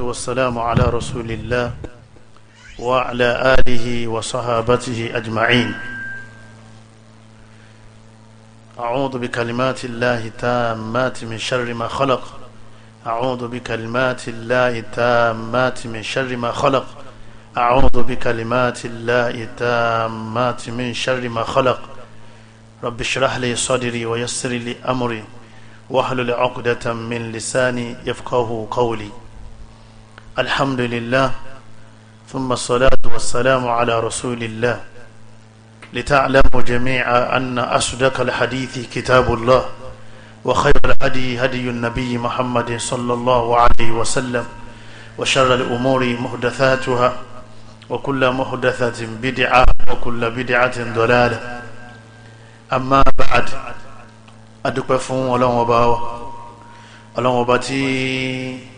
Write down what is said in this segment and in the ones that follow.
والصلاة والسلام على رسول الله وعلى آله وصحابته أجمعين أعوذ بكلمات الله تامات من شر ما خلق أعوذ بكلمات الله تامات من شر ما خلق أعوذ بكلمات الله تامات من شر ما خلق رب اشرح لي صدري ويسر لي أمري واحلل عقدة من لساني يفقه قولي الحمد لله ثم الصلاة والسلام على رسول الله لتعلم جميعا أن أصدق الحديث كتاب الله وخير الهدي هدي النبي محمد صلى الله عليه وسلم وشر الأمور محدثاتها وكل محدثة بدعة وكل بدعة ضلالة أما بعد أدقفون ولا مباوة ولا مباتي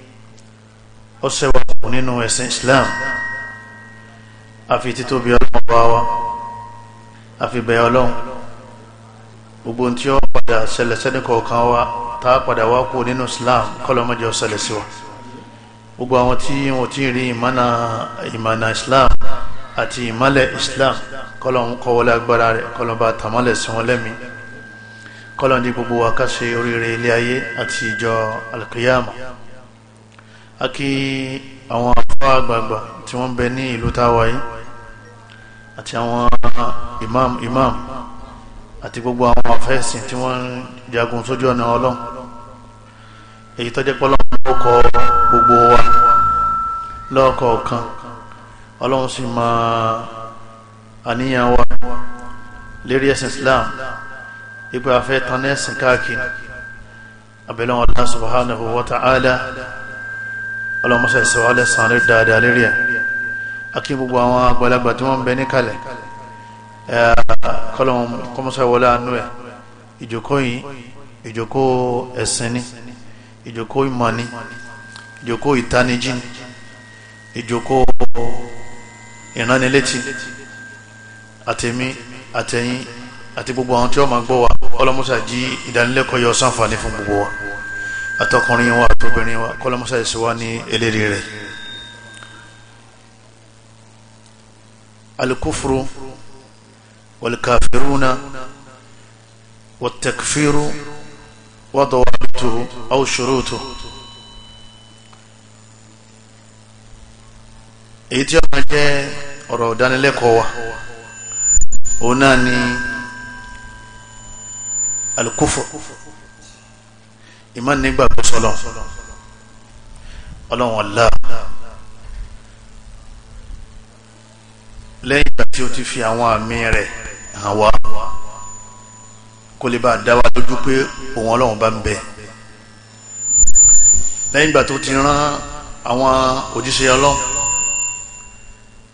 ó ṣẹwà kù nínú ẹ̀sìn Islam àfi títóbi ọlọ́run bá wa àfi bẹ̀rẹ̀ ọlọ́run gbogbo tí ó padà ṣẹlẹ̀ sẹ́ni kọ̀ọ̀kan wa tá a padà wá kú nínú Islam kọ́lọ́mọ́jọ́ ṣẹlẹ̀ sí wa gbogbo àwọn tí wọ́n ti rí ìmánà ìmánà Islam àti ìmálẹ̀ Islam kọ́lọ́n kọ́wọ́lé agbára rẹ̀ kọ́lọ́n bá tàmálẹ̀ sí wọn lẹ́mí kọ́lọ́n di gbogbo wa oríire ilé ayé àti ìjọ alkiyama akí àwọn afọ àgbààgbà tí wọ́n bẹ ní ìlú táwa yìí àti àwọn imam imam àti gbogbo àwọn afẹ́sìn tí wọ́n jagun sójú ọ̀nà ọlọ́run èyí tó jẹ́ pọ́lọ́ ọkọ̀ gbogbo wa lọ́kọ̀ọ̀kan ọlọ́run sì máa àníyàn wa lérí ẹ̀sìn Islam ipò afẹ́ tanẹ́sìn káàkiri abẹ́lẹ́wọ̀n Allah subhanahu wa ta'ala ọlọ́mọṣẹ́ ìṣòwò alẹ́sàn lórí dáadáa lérí ẹ̀ akí gbogbo àwọn àgbàlagbà tí wọ́n ń bẹ níkàlẹ̀ kọ́lọ́hún kọ́mọṣẹ́ wọlé àánú ẹ̀ ìjókòó yìí ìjókòó ẹ̀sìn ni ìjókòó ìmọ̀ ni ìjókòó ìtanijí ni ìjókòó ìránnilétí àtẹ̀mí àtẹ̀yìn àti gbogbo àwọn tí wọ́n máa gbọ́ wa ọlọ́mọṣẹ́ àjí ìdánilẹ́kọ̀ọ́ yọ sànfàní fún gbogbo wa atọkùnrin wa àtobìnrin wa kọlọmọsá yìí sì wá ní eléri rẹ alikufuru walikafiruna watakfiru wadawabituhu aw shurutu èyí tí a máa jẹ ọ̀rọ̀ ìdánilẹ́kọ̀ọ́ wa òun náà ni alikufuru ìmọ̀ nígbà tó sọ́lọ̀ ọlọ́run ọ̀la lẹ́yìn ìgbà tí ó ti fi àwọn àmì rẹ̀ hàn wá kó lè bá dá wa lójú pé òun ọlọ́run bá ń bẹ lẹ́yìn ìgbà tó ti rán àwọn òjíṣẹ́ ọlọ́run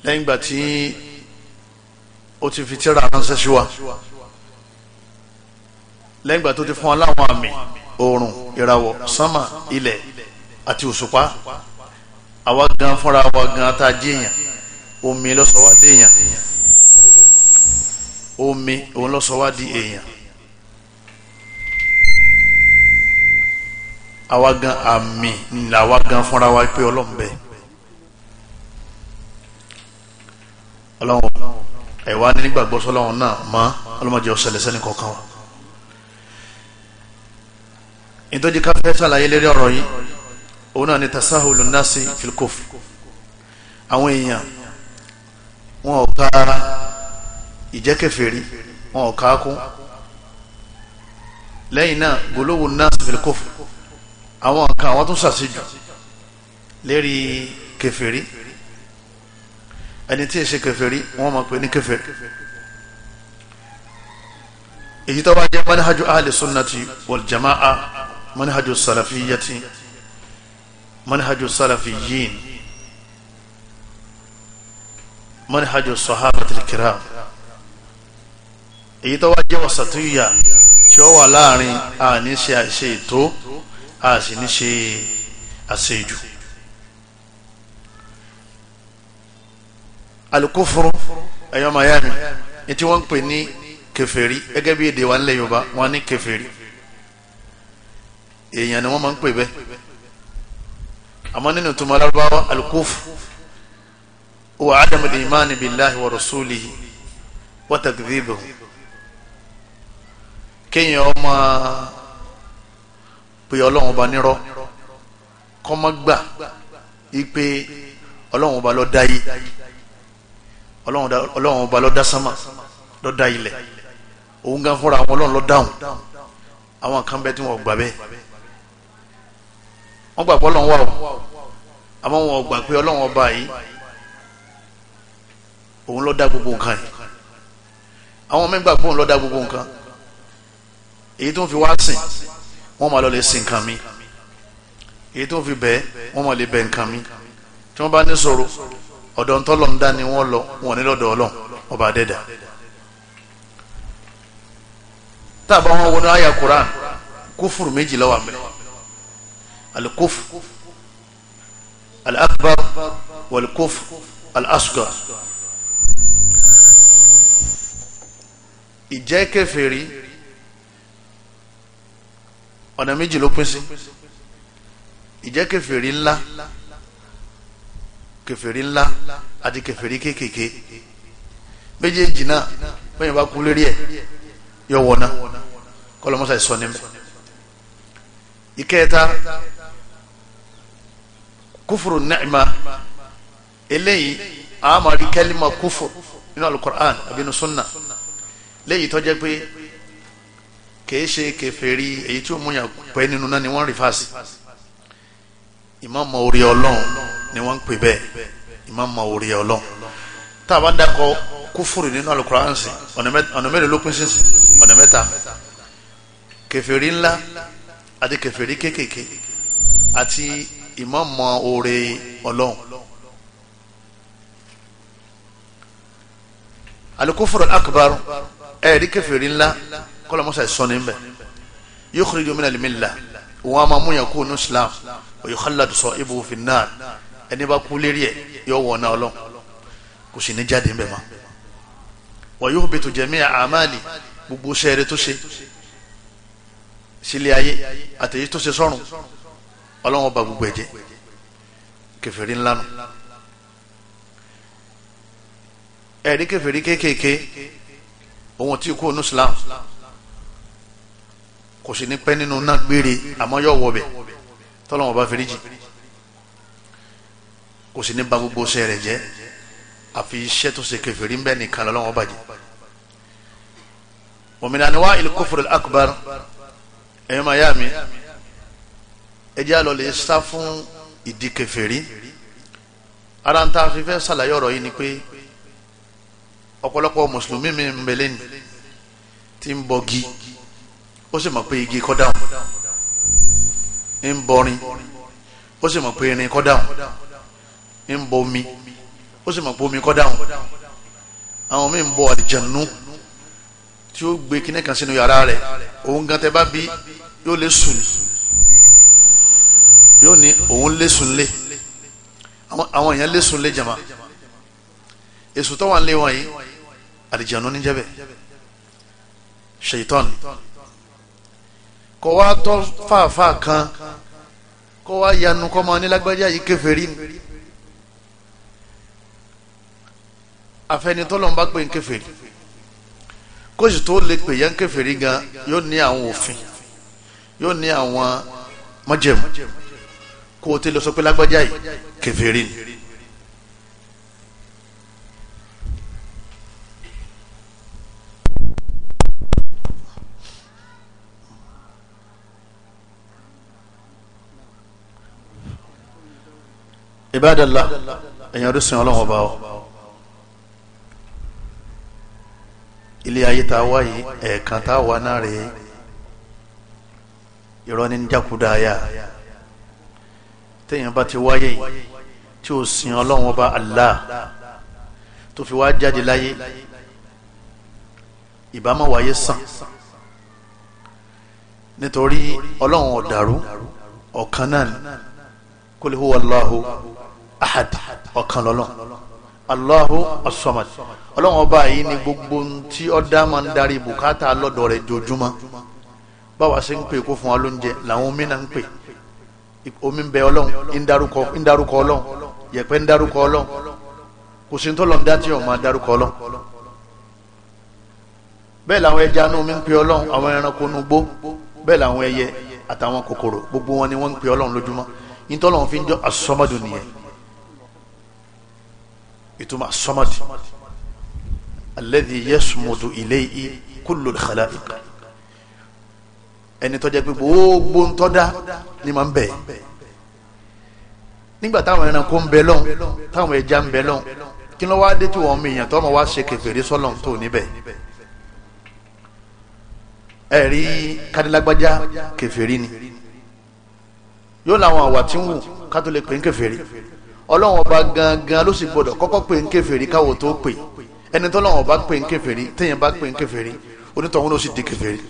lẹ́yìn ìgbà tí ó ti fi tírà ránṣẹ́ sí wa lẹ́yìn ìgbà tó ti fún ọ láwọn àmì oòrùn ìràwọ̀ sánmà ilẹ̀ àti òṣùpá àwa gan fúnra wa gan tá a jẹ́yàn omi lọ́sọ̀wá déyàn omi òun lọ́sọ̀wá di èèyàn àwa gan àmì làwa gan fúnra wa pé ọlọ́run bẹ́ẹ̀ ọlọ́run ẹ̀wá ní nígbàgbọ́sọ́lọ́run náà mọ́ ọlọ́mọdé ọ̀sẹ̀lẹ̀sẹ̀ ní kọ̀ọ̀kan wa ìtọ́jú ká fẹ́ sàlàyé lérí ọ̀rọ̀ yìí òun náà ni tasahulu nasi filkof àwọn èèyàn wọn ò ka ìjẹ́kẹfẹ̀rí wọn ò ka kún lẹ́yìn náà golowo nasi filkof àwọn kan àwọn tó sàṣejù lérí kẹfẹ̀rí ẹni tí ì ṣe kẹfẹ̀rí wọn máa pè ní kẹfẹ̀rí èyí tó bá jẹ́ manhaju ahli sunnati wal jama'a manhaju salafiyati manhaju salafiyin manhaju sahabati kiram èyí tó wá jẹ́ wasatiyya tí ó wà láàrin a ní ṣe àṣe ètò a sì ní ṣe àṣejù alukóforo ẹ̀yọ́ mayami ní tí wọ́n ń pè ní kèfèrí gẹ́gẹ́ bí èdè wa nílẹ̀ Yorùbá wọ́n ní kèfèrí èèyàn ni wọ́n máa ń pè bẹ́ẹ̀ àmọ́ nínú tó máa lárúbáwá alukófù wà ádámù ìmáàni bíláhi wà rọ̀súlì wà tàgídìbò kéèyàn ọmọ pé ọlọ́run ọba nírọ́ kọ́ má gbà ipe ọlọ́run ọba ló dá yìí ọlọ́run ọba ló dá sánmà ló dá ilẹ̀ òun gan fúnra àwọn ọlọ́run ló dáhùn àwọn kan bẹ́ẹ̀ tí wọ́n gbà bẹ́ẹ̀ wọ́n gbà pé ọlọ́run wà o àmọ́ wọn gbà pé ọlọ́run ọba yìí òun ló dá gbogbo nǹkan yìí àwọn mẹ́gbà pé òun ló dá gbogbo nǹkan èyí tó ń fi wá sìn wọ́n máa lọ lè sin nǹkan mi èyí tó ń fi bẹ́ẹ̀ wọ́n máa lè bẹ nǹkan mi tí wọ́n bá ní sọ̀rọ̀ ọ̀dọ̀ ń tọ́lọ̀ ń dá ni wọ́n lọ wọn ní lọ́dọ̀ ọlọ́run ọba àdẹ́dà táàbà wọn wọnú àyà Qur'an kúfùrù méjì ló wà mẹ́rin alikofu الأكبر walikofu الأصغر ìjẹ́ kèfèrí ọ̀nà méjì ló pín sí ìjẹ́ kèfèrí ńlá kèfèrí ńlá àti kèfèrí kéékèèké méjèèjì náà bẹ́yìn bá kú lérí ẹ̀ yọ wọ̀ná kọ́lọ́mọ́sà ìsọ ìkẹta kúfùrù nẹ́ẹ̀ma eléyìí àmàrí kẹ́límà kúfùrù nínú alukur'an abinu sunna léyìí tó jẹ́ pé kìí ṣe kèfèrí èyí tí ó múyàn pẹ́ nínú náà ni wọ́n rí fásì ìmọ̀ọ́mọ̀ orí ọlọ́run ni wọ́n ń pè bẹ́ẹ̀ ìmọ̀ọ́mọ̀ orí ọlọ́run tá a bá dákọ̀ kúfùrù nínú alukur'an sí ọ̀nà mẹ́rin ló pín sínsìn ọ̀nà mẹ́ta kèfèrí ńlá àti kèfèrí kéékèèké àti ìmọ̀mọ̀ oore ọlọ́run alikufuru akbar ẹ̀ẹ́dí kẹfìrí ńlá kọlọmọsà ìsọ́ni ńbẹ yukhriju minal milla wọn a máa mú yàn kó nu islam wa yukhalladu sahibuhu fin nar ẹni bá kú lérí ẹ yọ wọ̀ náà ọlọ́run kò sì ní jáde ńbẹ ma wa yuhbitu jami'a amali gbogbo sẹ́ẹ̀rẹ́ tó ṣe sílé ayé àtẹ̀yí tó ṣe sọ́run ọlọ́wọ́n ba gbogbo ẹ̀jẹ̀ kèfèrí ńlá nù ẹ̀rí kèfèrí kéékèèké òun tí kú onú Islam kò sì ní pẹ́ nínú náà gbére àmọ́ yóò wọ bẹ̀ tọ́lọ́wọ́n bá fẹ́rí jì kò sì ní ba gbogbo ṣe rẹ̀ jẹ́ àfi iṣẹ́ tó ṣe kèfèrí ń bẹ nìkan lọ́wọ́n bàjẹ́ òmìnira ni wá ìlú kófòrò akbar ẹ̀yọ́ máa mi ẹjẹ́ àlọ́ lè sá fún ìdí kèfèrí ara ń ta fi fẹ́ ṣàlàyé ọ̀rọ̀ yìí ni pé ọ̀pọ̀lọpọ̀ mùsùlùmí mi ń bẹ lẹ́nu tí ń bọgi ó sì mọ̀ pé igi kọ́ dáhùn ń bọrin ó sì mọ̀ pé irin kọ́ ń bọ omi ó sì mọ̀ pé omi kọ́ àwọn míì ń bọ àdìjànú tí ó gbé kíní kan sínú yàrá rẹ̀ òun gan tẹ́ bá bí yóò lè sùn yóò ní òun lẹ́sùnlé àwọn èèyàn lẹ́sùnlé jama èsù tó wà ń lé wọn yìí àlìjànú ní jẹ́bẹ̀ ṣèyítọ́n kọ́ wá tọ́ fàáfà kan kọ́ wá yanu kọ́ mọ́ nílágbájá yìí kèfèrí ni afẹnitọ́lọ́n bá pè ń kèfèrí kóòsì tó lè pè yẹn kèfèrí gan yóò ní àwọn òfin yóò ní àwọn májẹ̀mú kó o ti lọ sọ pé lágbájá yìí kèfèrí ni. ibadala èèyàn ló sin ọlọ́wọ́n bá ọ ilé ayé tá a wá yìí ẹ̀ẹ̀kan tá wá náà rèé ìrọ́ ní jákúdáyà téèyàn bá ti wáyé yìí tí ó sin ọlọ́run ọba Allah tó fi wá jáde láyé ìbámu wáyé sàn nítorí ọlọ́run ọ̀dàrú ọ̀kan náà ni kul huwa Allahu ahad ọ̀kan lọ́lọ́run Allahu as-samad ọlọ́run ọba yìí ni gbogbo tí ọ̀dá máa ń darí bùkátà lọ́dọ̀ rẹ̀ jojúmọ́ báwa ṣe ń pè kó fún wa lóúnjẹ làwọn mí ń pè omi ń bẹ ọlọ́run ń darúkọ ń darúkọ ọlọ́run yẹ̀pẹ̀ ń darúkọ ọlọ́run kò sí tó lọ́n dátì ọ̀hún máa darúkọ ọlọ́run bẹ́ẹ̀ làwọn ẹja inú mi ń pe ọlọ́run àwọn ẹranko inú gbó bẹ́ẹ̀ làwọn ẹyẹ àtàwọn kòkòrò gbogbo wọn ni wọ́n ń pe ọlọ́run lójúmọ́ ìtọ́lọ́run fi ń jọ asọ́mọ́dù nìyẹn ìtumọ̀ asọ́mọ́dù alladhi yasmudu ilayhi kullu al-khalaiq ẹni tó jẹ́ pé gbogbo ń tọ́dá ni máa ń bẹ̀ nígbà táwọn ẹranko ń bẹ lọ́hùn táwọn ẹja ń bẹ lọ́hùn kí ló wá dé tí wọ́n mìíyàn tó máa wá ṣe kèfèrí sọ́lọ̀ tó níbẹ̀ ẹ rí kadilágbájá kèfèrí ni yóò láwọn àwà tí ń wù ká tó lè pè ń kèfèrí ọlọ́run ọba gangan ló sì gbọdọ̀ kọ́kọ́ pè ń kèfèrí káwọ́ tó pè ẹni tó lọ́wọ́ bá pè ń kèfèrí téèyàn bá pè ń kèfèrí onítọ̀hún ló sì di kèfèrí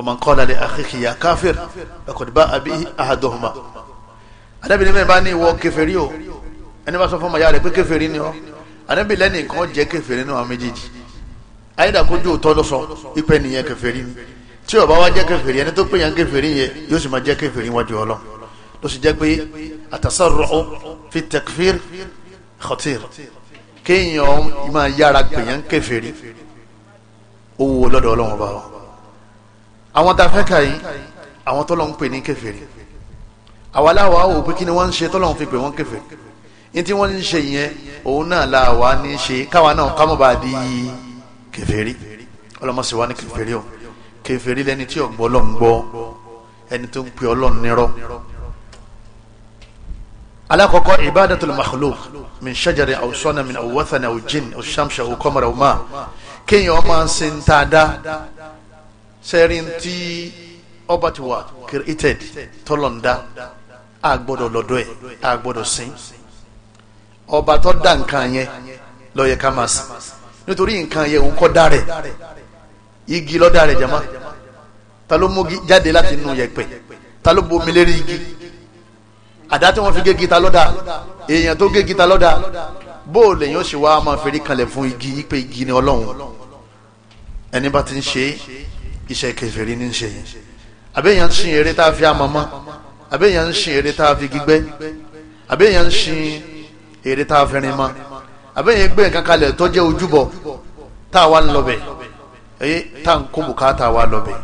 wa man qala li akhihi ya káfíìr ẹ̀kọ́dì bá àbí ahaduhuma anábìrin mẹ́rin bá ní ìwọ kèfèrí o ẹni bá sọ fún ọmọ ya rẹ̀ pé kèfèrí ni ọ anábì lẹ́nìí kan jẹ́ kèfèrí nínú àwọn méjèèjì ayédàkójú òtọ́ ló sọ ipe nìyẹn kèfèrí ni tí ó bá wá jẹ́ kèfèrí ẹni tó pè yàn kèfèrí yẹn yóò sì máa jẹ́ kèfèrí wájú Ọlọ́run ló sì jẹ́ pé àtàsárùn fi takfir khatir kéèyàn máa yára pè yàn kèfèrí owó lọ́dọ̀ Ọlọ́run ọba wọn àwọn tá a fẹ́ kà yìí àwọn tọ́lọ̀ ń pè ní kèfèrí àwa láwa wò pé kí ni wọ́n ń ṣe tọ́lọ̀ ń fi pè wọ́n kèfèrí ní tí wọ́n ń ṣe yẹn òun náà làwa ní ṣe káwa náà ká mọ̀ bá di kèfèrí ọlọ́mọṣẹ́ ní kèfèrí o kèfèrí lẹni tí ọ̀gbọ́ lọ́ gbọ́ ẹni tó ń pè ọlọ́run nírọ́ alakoko ibadatul makhluq sẹ́rin tí ọba ti wà created tọ́lọ̀ǹda a gbọ́dọ̀ lọ́dọ̀ ẹ̀ a gbọ́dọ̀ sìn ọba tó dá nǹkan yẹn ló ká máa sìn nítorí nǹkan yẹn òun kọ́ dá rẹ̀ igi ló dá rẹ̀ jama ta ló mú jáde láti inú yẹ̀pẹ̀ ta ló bomi lérí igi àdá tí wọ́n fi gé gita lọ́dà èèyàn tó gé gita lọ́dà bó o lèyàn ṣe wá máa fèrè kalẹ̀ fún igi yí igi ni ọlọ́run ẹni bá ti ń ṣe é iṣẹ́ kèfèrí ní ṣe yìí àbẹ́yàn ń sin eré tá a fi amọ̀mọ́ àbẹ́yàn ń sin eré tá a fi gbígbẹ́ àbẹ́yàn ń sin eré tá a fi rin mọ́ àbẹ́yàn gbé nǹkan kalẹ̀ tó jẹ́ ojúbọ tá a wá ń lọ bẹ̀ ẹ̀yẹ tá a ń kó bùkátà wá lọ bẹ̀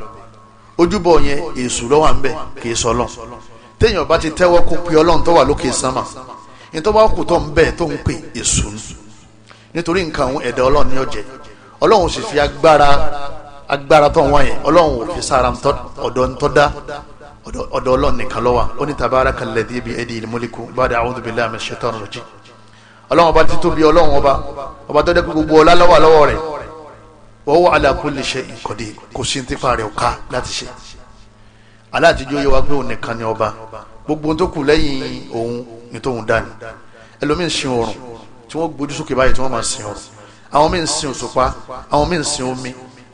ojúbọ yẹn èṣù ló wà ń kì í sọ téèyàn bá ti tẹ́wọ́ kó pe ọlọ́run tó wà lókè sánmà ní tó bá kù tó ń bẹ̀ tó ń pè èṣù nítorí nǹkan àwọn ọlọ́run ní ọ̀jẹ̀ ọlọ́run sì fi agbára agbára tó ń wáyé ọlọ́run ò fi sára ọ̀dọ̀ ntọ́dá ọ̀dọ̀ ọlọ́run nìkan ló wà ó ní tabaraka alladhi bi yadihil mulku ba'da a'udhu billahi minash shaitani rajim ọlọ́run ọba títún bí ọlọ́run ọba ọba tó dẹ́kun gbogbo ọlá lọ́wọ́ lọ́wọ́ rẹ̀ wa huwa ala kulli shay'in qadir kò sí ní tipa rẹ̀ ọ̀ka láti ṣe aláàtijọ́ yẹ wá pé òun nìkan ni ọba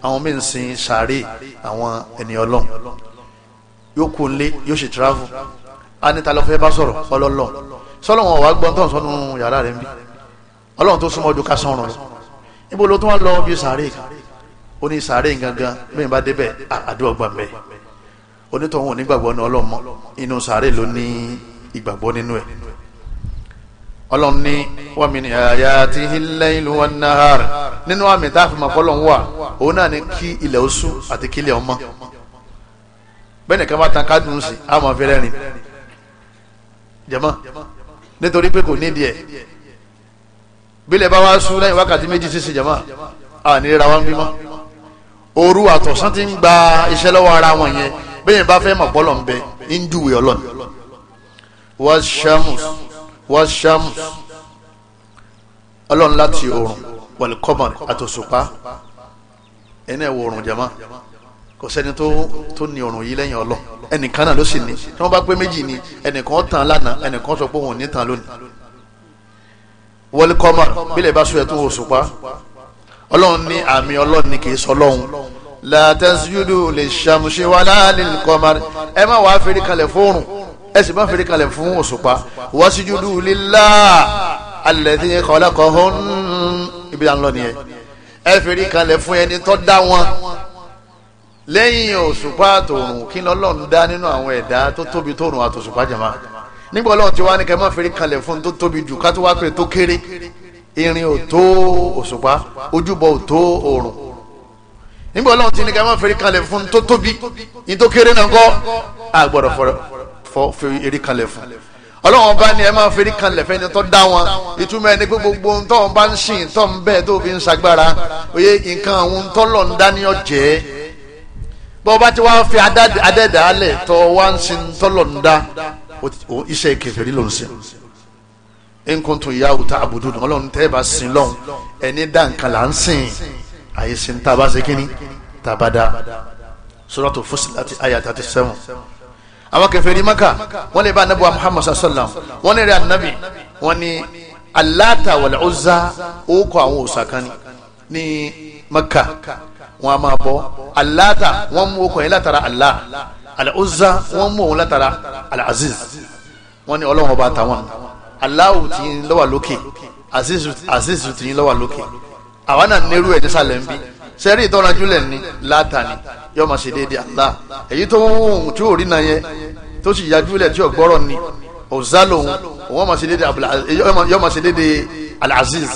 àwọn mí ń sin sàárè àwọn ẹni ọlọ́run yóò kú nlé yóò sì travel anita lọ́fẹ́ bá sọ̀rọ̀ ọlọ́lọ́ sọ́lọ́ wọn wà gbọ́n tán sọ́nù yàrá rẹ̀ ń bí ọlọ́run tó súnmọ́ ojú ká sọ̀rọ̀ lọ níbo ló tún wá lọ bí sàárè kan ó ní sàárè gangan bẹ́ẹ̀ bá débẹ̀ àdúrà gbà mẹ́ onítọ̀hún onígbàgbọ́ ní ọlọ́mọ inú sàárè ló ní ìgbàgbọ́ nínú ẹ̀ ọlọ́run ní wa min ayatihi al-laylu wan-nahar nínú àmì tá a fi mọ̀ fọlọ́n wà òun náà ní kí ilẹ̀ ó ṣú àti kí ilẹ̀ ó mọ́ bẹ́ẹ̀ nìkan bá tan kádùn sí a máa fi rẹ́rìn jẹ́mọ́ nítorí pé kò nídìí ẹ̀ bílẹ̀ bá wá ṣú lẹ́yìn wákàtí méjì sísè jẹ́mọ́ a ní ra wá bímọ òru àtọ̀sán ti ń gba iṣẹ́ lọ́wọ́ ara wọn yẹn bẹ́ẹ̀ bá fẹ́ mọ̀ bọ́lọ̀ ń ń júwe ọlọ́ni wàṣàmùsù washam ọlọ́run láti oòrùn wal qamar àtòṣùpá ẹni ẹ̀wọ̀ oòrùn jama kò sẹ́ni tó tó ní oòrùn yìí lẹ́yìn ọlọ́ ẹnìkan náà ló sì ní tí wọ́n bá pé méjì ni ẹnìkan tàn lánàá ẹnìkan sọ pé òun ò ní tàn lónìí wal qamar bílẹ̀ bá sọ ẹ̀ tó òṣùpá ọlọ́run ní àmì ọlọ́run ní kì sọ lọ́hùn la tasjudu lish-shamsi wala lil-qamar ẹ má wàá fẹ́rí kalẹ̀ fóòrùn ẹ sì máa fèrè kalẹ̀ fún òṣùpá wasjudu lillahi alladhi khalaqahun ibi à ń lọ nìyẹn ẹ fèrè kalẹ̀ fún ẹni tó dá wọn lẹ́yìn òṣùpá àtòrùn kí ni ọlọ́run dá nínú àwọn ẹ̀dá tó tóbi tóorùn àtòṣùpá jàmá nígbà ọlọ́run ti wá ní kẹ́ máa fèrè kalẹ̀ fún tó tóbi jù ká tó wá pé tó kéré irin ò tó òṣùpá ojúbọ ò tó òrùn nígbà ọlọ́run ti ní kẹ́ máa fèrè kalẹ̀ fún tó tóbi ní tó kéré náà kọ́ àgbọ̀dọ̀ fọ̀rọ̀ fọ́ fi eré kalẹ̀ fún ọlọ́wọ́n bá ní ẹ máa fẹ́rí kanlẹ̀ fẹ́ni tó dá wọn ìtumọ̀ ẹni pé gbogbo ntọ́ bá ń sìn tọ́ ń bẹ́ẹ̀ tó fi ń sagbára oyè nǹkan àwọn ntọ́lọ̀ ń dání ọ̀jẹ́ bọ́ bá ti wá fi adẹ́dàálẹ̀ tọ́ wá ń sin ntọ́lọ̀ ń dá iṣẹ́ kèfèrí ló ń sìn nǹkan tó yá òòtá àbùdù ọlọ́run tẹ́ ẹ bá sin lọ́hùn ẹni dá nǹkan là ń sìn àyè sin tá a bá ṣe kíní tá a bá dá Suratu Fussilat àyà 37 àwọn kèfèrí maka wọ́n lè bá anabi wa muhammad sallam wọ́n lè rí anabi wọ́n ní aláta wal uzza ó kọ àwọn òòsà kan ní maka wọ́n a máa bọ aláta wọ́n mú okùn yẹn látara allah al-uzza wọ́n mú òun látara al-aziz wọ́n ní ọlọ́wọ́n bá tàwọn aláwò tí ń lọ́wọ́ lókè aziz tí lọ́wọ́ lókè àwọn náà nírú ẹ̀ nísàlẹ̀ ń bí sẹ́rí ìtọ́rajúlẹ̀ ni látàní yóò máa ṣe déédéé Allah èyí tó ń tí ò rí náà yẹn tó sì yájúlẹ̀ tí ò gbọ́rọ̀ ni ọ̀zá lòun òun máa ṣe déédéé yóò máa ṣe déédéé Al-Aziz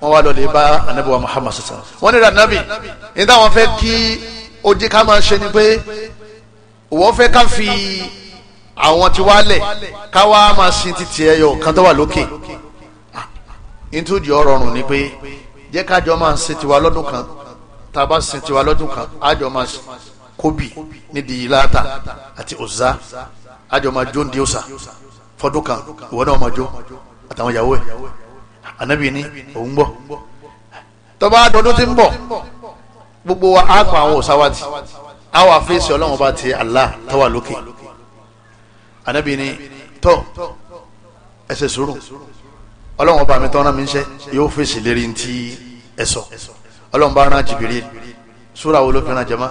wọ́n wá lọ́lẹ̀ bá anabi wa Muhammad sọ̀tàn wọ́n ní ranabi ní táwọn fẹ́ kí ó ká máa ṣe ni pé wọ́n fẹ́ ká fi àwọn tí wálẹ̀ ká wá máa sin titi ẹyọ kan tó wà lókè ìtújì ọ̀rọ̀ ọ̀run ni pé jẹ́ kájọ máa ń ṣe tiwa lọ́dún kan tá a bá ṣe tiwa lọ́dún kan àjọ máa kóbì nídìí láàtà àti òzá àjọ máa jó ndí òsà fọdún kan ìwọ náà máa jó àtàwọn ìyàwó ẹ̀ ànábì ní òun bọ̀ tọ́ba àdọ́dún ti ń bọ̀ gbogbo wa á pa àwọn òsà wa ti àwọn àfẹ́sẹ̀ ọlọ́run bá ti Allah tó wà lókè ànábì ní tọ́ ẹsẹ̀ sùúrù ọlọ́run ọba mi tọ́ra mi ń ṣe yóò fèsì lérí ntí ẹ sọ ọlọ́run bá rán Jibril súra wo ló fi rán jama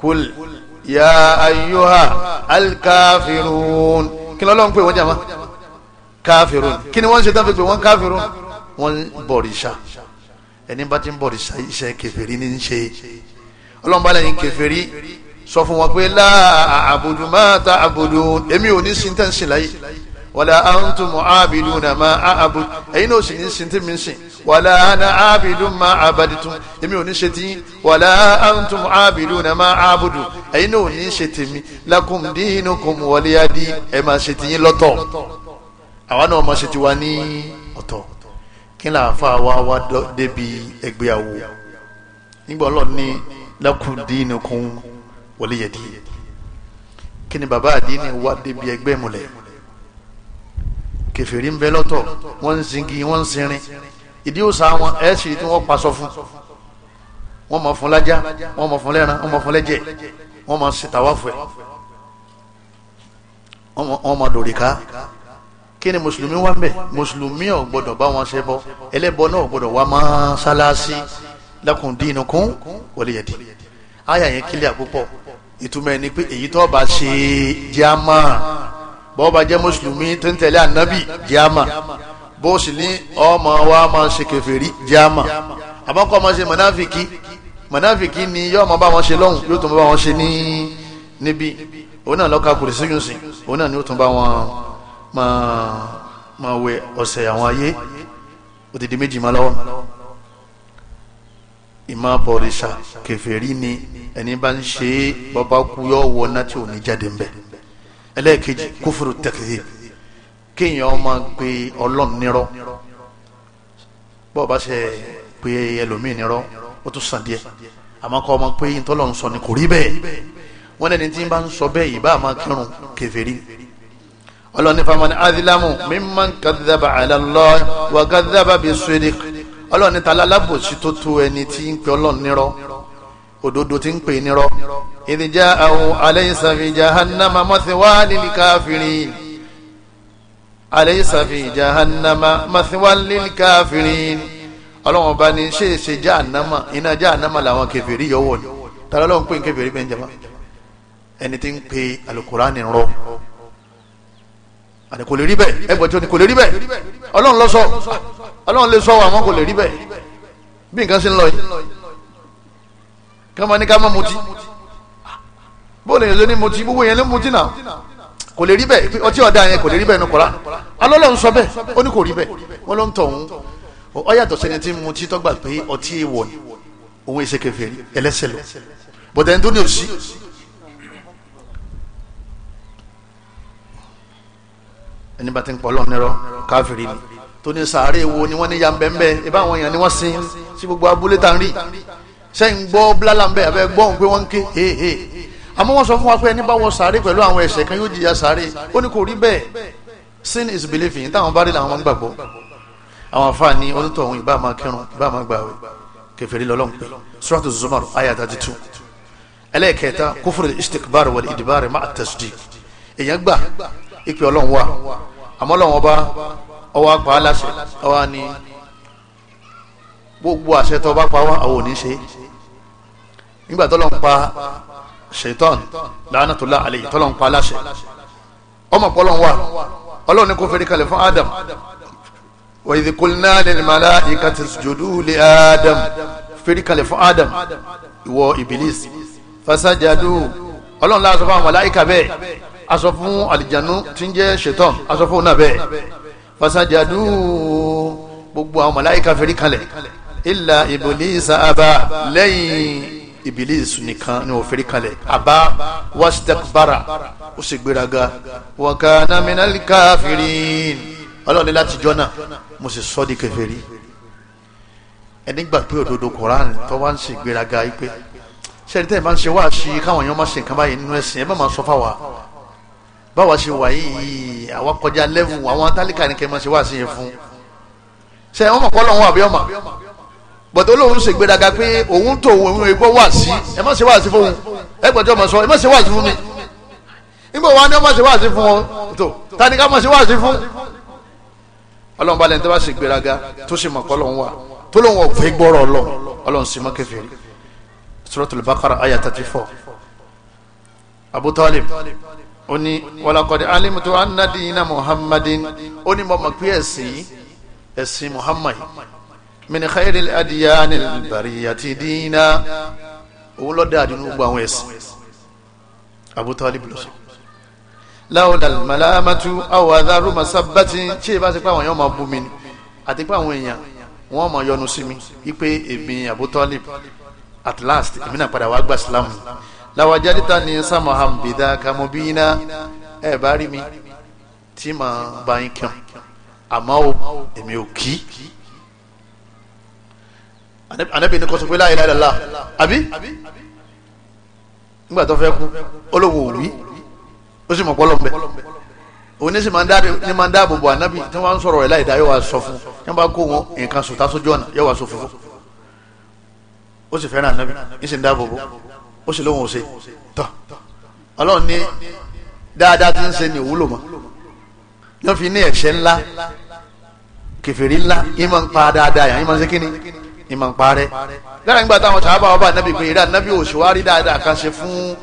kul ya ayyuha alkafirun kí lọ́lọ́run ń pè wọ́n jama kafirun kí ni wọ́n ń ṣe tán fi pè wọ́n kafirun wọ́n ń bọ̀rìṣà ẹni bá ti ń bọ̀rìṣà iṣẹ́ kèfèrí ní í ṣe ọlọ́run bá lẹ́yìn kèfèrí sọ fún wọn pé láà àbùdùmáta àbùdù èmi ò ní sin tẹ́ǹsì láyé wala antum aabiduna ma aabud ẹ̀yin náà sì ń sin tí mi ń sìn wala ana aabidu ma aabadtum èmi ò ní ṣe tí wala antum aabiduna ma aabudu ẹ̀yin náà ò ní ṣe tèmi lakum dinukum waliyadi ẹ̀ máa ṣe tìyín lọ́tọ̀ àwa náà máa ṣe tiwa ní ọ̀tọ̀ kí ni àfa wa wá débi ẹgbéyàwó nígbà ọlọ́ọ̀ ní lakum dinukum waliyadi kí ni bàbá àdínì wá débi ẹgbẹ́ mọ̀lẹ́ kèfèrí ń bẹ lọ́tọ̀ wọ́n ń singi wọ́n ń sinrin ìdí òsà wọn ẹ̀ sì tí wọ́n paṣọ fún wọ́n mọ̀ fún lájá wọ́n mọ̀ fún lẹ́ran wọ́n mọ̀ fún lẹ́jẹ̀ wọ́n mọ̀ sí tàwáfù ẹ̀ wọ́n mọ̀ dòríkà kí ni mùsùlùmí wá ń mùsùlùmí ò gbọ́dọ̀ bá wọn ṣẹbọ ẹlẹ́bọ náà ò gbọ́dọ̀ wá mọ́ṣáláṣí lakum dinukum waliyadi áyà yẹn kílíà púpọ̀ ìtumọ̀ ẹni pé èyí tó bá ṣe jẹ́ àmà bó bá jẹ́ mùsùlùmí tó ń tẹ̀lé ànábì jẹ́àmà bó sì ní ọmọ wa máa ṣe kèfèrí jẹ́àmà àbọ̀kọ́ máa ṣe mọ̀náfìkì mọ̀náfìkì ni yóò máa bá wọn ṣe lọ́hùn yóò tún bá wọn ṣe ní níbi òun náà lọ́ka kùrì sí yùnsìn òun náà ni yóò tún bá wọn máa wẹ ọ̀sẹ̀ àwọn ayé òdìdí méjì máa lọ́wọ́ ìmọ̀ bọ̀rìṣà kèfèrí ni ẹni bá ń ṣe bàbá kú yọ wọ náà tí ò ní jáde ń bẹ̀ ẹlẹ́ẹ̀kejì kófòrò tẹ̀kìdì kéèyàn máa pe ọlọ́run nírọ́ bọ́ọ̀ bá ṣe pe ẹlòmíì nírọ́ ó tún sàn díẹ̀ àmọ́ kọ́ ọmọ pé ìtọ́lọ́run sọ ni kò rí bẹ́ẹ̀ wọ́n lẹ́ni tí ń bá ń sọ bẹ́ẹ̀ ìbá máa kírun kèfèrí ọlọ́ni famani adilamu mimman kadaba ala Allah wa kadaba bi sadiq ọlọ́ni találábòsí tó tó ẹni tí ń pe ọlọ́run nírọ́ òdodo tí ń pè nírọ́ ìdíjà àwọn aláìsàfì jahannama جهنم مثوى للكافرين aláìsàfì jahannama جهنم مثوى للكافرين ọlọ́wọ́n bá ní ṣe ṣe jahannama iná jahannama làwọn kẹfìrí yọwọ́ ni tàbí ọlọ́wọ́n pè ń kẹfìrí bẹ́ẹ̀ jẹba ẹni tí ń pe alukurani rọ àní kò lè rí bẹ́ẹ̀ ẹgbẹ́ tí ó ní kò lè rí bẹ́ẹ̀ ọlọ́run ló sọ ọlọ́run lè sọ àmọ́ kò lè rí bẹ́ẹ̀ bí nǹkan ṣe ń lọ yìí kí wọ́n ní ká má mutí bóòlù yẹn ni ní mutí gbogbo yẹn lé mutí náà kò lè rí bẹ́ẹ̀ ọtí ọ̀dà yẹn kò lè rí bẹ́ẹ̀ ní kọ́ra alọ́lọ́ ń sọ bẹ́ẹ̀ ó ní kò rí bẹ́ẹ̀ wọ́n ló ń tọ̀ òun ọ yàtọ̀ sẹ́ni tí mutí tọ́gbà pé ọtí èèwọ̀ ni òun èsè kẹfẹ́ ẹlẹ́sẹ̀ lọ bọ̀dẹ̀ tó ní òsì. ẹni bá ti ń pọ̀ lọ́ọ̀ nírọ̀ káfíìrì ni tó ní sàárè wo ni wọ́n ní ya bẹ́ẹ̀ ibà àwọn àmọ́ wọ́n sọ fún wa pé ẹni bá wọ sàárè pẹ̀lú àwọn ẹ̀ṣẹ̀ kan yóò jìyà sàárè ó ní kò rí bẹ́ẹ̀ sin is believing táwọn bá rí làwọn máa ń gbàgbọ́ àwọn afáà ní onítọ̀ òun ìbá máa kírun ìbá máa gbààwẹ̀ kẹfẹ́rí lọ́lọ́run pé suratu zumar ayat thirty two ẹlẹ́ẹ̀kẹta kufur istikbar wal idbar ma tasdik èèyàn gbà ìpè ọlọ́run wà àmọ́ ọlọ́run ọba ọwọ́ apá aláṣẹ ọwọ́ ni gbogbo àṣẹ tó bá pa wá àwọn ò ní ṣe nígbà tó lọ́n ṣètọ́n lánàtúlá àlèyé tọ́lọ́n pa aláṣẹ ọmọ pọ́lọ́n wà ọlọ́run ní kò fẹ́rí kalẹ̀ fún Adam wa idh qulna lil malaikati isjudu li Adam fẹ́rí kalẹ̀ fún Adam ìwọ Iblis fasajadu ọlọ́run láàṣọ fún àwọn màláíkà bẹ́ẹ̀ aṣọ fún àlìjánu tí ń jẹ́ ṣètọ́n aṣọ fún náà bẹ́ẹ̀ fasajadu gbogbo àwọn màláíkà fẹ́rí kalẹ̀ illa Iblisa aba lẹ́yìn Ìbílísì nìkan ni ó fẹ́rí kalẹ̀ àbá wasitakbara ó sì gbéraga wa kana minal kafirin ọlọ́ọ̀lẹ́ láti jọ́nà mo sì sọ́ di kèfèrí ẹni gbà pé òdodo koran tó wá ń sì gbéraga yìí pé sẹ́ni tẹ́ ẹ̀ máa ń ṣe wá sí i káwọn èèyàn máa ṣe nǹkan báyìí nínú ẹ̀sìn ẹ bá máa sọ fáwa báwa ṣe wà yìí àwa kọjá lẹ́wù àwọn tálíkà ni kẹ́ máa ṣe wá sí i fún sẹ́ni wọ́n mọ̀ kọ́ lọ́wọ́ àbí ọmọ but olóhùn ṣègbéraga pé òun tó òun ìbọn wà sí ẹ má ṣe wà sí fún òun ẹ gbọ́dọ̀ ọmọ sọ ẹ má ṣe wà sí fún mi nígbà wa ni ọmọ ṣe wà sí fún ọ tó ta ni ká mọ̀ ṣe wà sí fún ọlọ́run balẹ̀ ní tó bá ṣègbéraga tó ṣe mọ̀ kọ́ lọ́hún wa tó lóun ò fẹ́ gbọ́rọ̀ lọ ọlọ́run sì mọ́ kẹfìrí suratul Baqara aya thirty four Abu Talib ó ní walaqad alimtu anna dina Muhammadin ó ní mo mọ̀ pé ẹ̀sìn ẹ̀sìn Muhammad من خير الأديان bariyati dina òun lọ́dẹ àdínú gbogbo àwọn ẹ̀sìn Abu Talib lọ́sọ. láwùdà màlámàtú àwọn adarú masabati tí èyí bá ti pé àwọn èèyàn máa bú mi ni àti pé yọnu sí mi wípé èmi Abu at last èmi náà padà wá gba Islam làwàjálítà ní samaham bìdá kamobina ẹ bá rí mi tí màá bá yín kàn àmọ́ èmi ò kí anabi ní kọsọ pé la ilaha illallah àbí nígbà tó fẹ́ kú olówó òwí ó sì mọ̀ pọ́lọ́ mbẹ́ òun ní sì máa ń dáàbò bò anabi tí wọ́n ń sọ̀rọ̀ ẹ̀ láì dá yóò wá sọ fún yóò bá kó wọn nǹkan sùn tásójú ọ̀nà yóò wá sọ fún ó sì fẹ́ràn anabi ní sì ń dáàbò bò ó sì lóhùn ọ̀sẹ̀ tán ọlọ́run ní dáadáa ti ń ṣe ní ìwúlò mọ́ yóò fi ní ẹ̀ṣẹ̀ ńlá kèfèrí ńlá ìmọ̀ ń pa dáadáa yàn ìmọ̀ ń ṣe kíni ìmọ̀ ń parẹ́ lára nígbà táwọn sàábà wà bá nábì pé ìrà nábì òṣùwárí dáadáa kan ṣe fún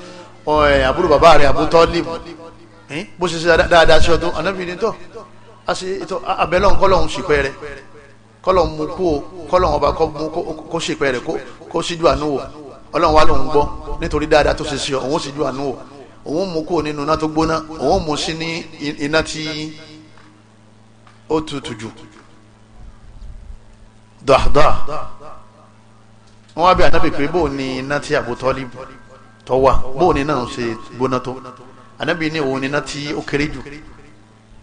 àbúrò bàbá rẹ̀ Abu Talib bó ṣe ṣe dáadáa ṣe ọdún ànábì ní tọ́ abẹ́lọ́n kọ́lọ́hún ṣìpẹ́ rẹ̀ kọ́lọ́hún mú kú o kọ́lọ́hún ọba kó ṣìpẹ́ rẹ̀ kó ṣíjú àánú wò ọlọ́run wà lóun gbọ́ nítorí dáadáa tó ṣe ṣe òun ṣíjú àánú wò òun mú kú o nínú iná tó gbóná òun mú sí ní iná tí ó tutù jù dàdà wọ́n wá bí ànábì pé bóò ni iná tí Abu Talib tó wà bóò ni náà ṣe gbóná tó ànábì ní òun ni iná tí ó kéré jù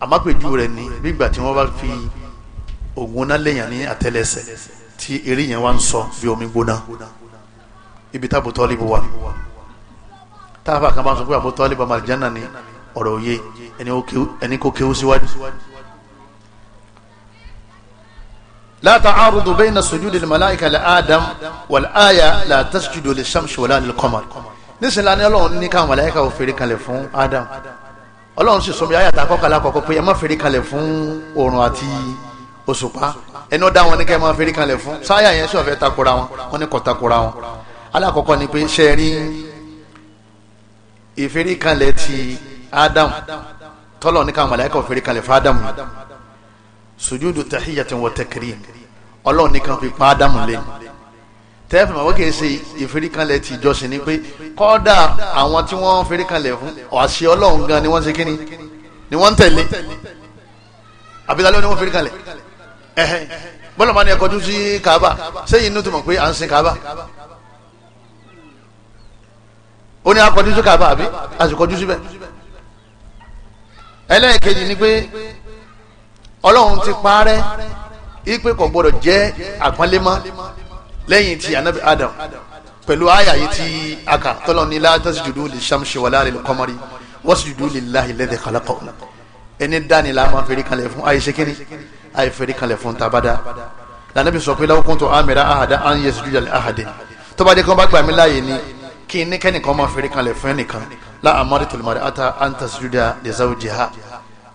àmápèjú rẹ̀ ni nígbà tí wọ́n bá fi ògùn náà léèyàn ní àtẹ́lẹsẹ̀ tí eré yẹn wá ń sọ bí omi gbóná ibi tí Abu Talib wà táàbà kan bá sọ pé Abu Talib ọmọ àlìjánà ni ọ̀rọ̀ òye ẹni kò kéwú síwájú la ta'arudu bayna sujudi al-malaika li adam wal aya la tasjudu lish-shamsi wala lil-qamar nísìnyí lánàá ọlọ́run ní káwọn màláíkà ò fèrè kalẹ̀ fún adam ọlọ́run sì sọmi ayàtà kọkànlá kọkọ pé ẹ má fèrè kalẹ̀ fún oòrùn àti òṣùpá ẹni ọ̀dà wọn ní ká ẹ má fèrè kalẹ̀ fún sáyà yẹn sọ̀fẹ́ takora wọn wọn ní kò takora wọn alákọ̀ọ́kọ́ ni pé ṣe é rí ìfèrè kalẹ̀ ti adam tọ́lọ̀ ní káwọn màláíkà ò fèrè kalẹ̀ fún adam yìí sùjúdù tahiyatin wa takrim ọlọ́run nìkan fi pa ádámù lẹ́yìn tẹ́ẹ̀fì màá wọ́kẹ́ ṣe ìfirikanlẹ̀ ti ìjọsìn ni pé kọ́dà àwọn tí wọ́n firikanlẹ̀ fún àṣẹ ọlọ́run gan ni wọ́n ṣe kíni ni wọ́n ń tẹ̀lé àbítalẹ́ ni wọ́n firikanlẹ̀ ẹ̀hẹ́ bọ́lá máa ní ẹ kọjú sí kaaba sẹ́yìn inú tó mọ̀ pé à ń sin kaaba ó ní akọjú sí kaaba àbí àsìkọjú síbẹ̀ ẹlẹ́ẹ̀kejì ni pé ọlọ́run ti parẹ́ ipe kò gbọdọ̀ jẹ́ àpọ́nlé mọ́ lẹ́yìn ti anabi adam pẹ̀lú àyà yìí ti aka tọ́lọ́ ní la tasjudu lè ṣamṣe wàlá lè kọ́mọ́rí wasjudu lillahi lẹ́dẹ̀ kọ́lọ́kọ́ ẹni dání la máa fèrè kalẹ̀ fún àyè sekiri àyè fèrè kalẹ̀ fún tabada lànàbí sọ pé law kuntu amira ahada an yasjuda li ahadin tó bá dé kí wọ́n bá gbà mí láàyè ni kí ní kẹ́nìkan máa fèrè kalẹ̀ fún ẹnìkan la amaritul mar'ata an tasjuda li zawjiha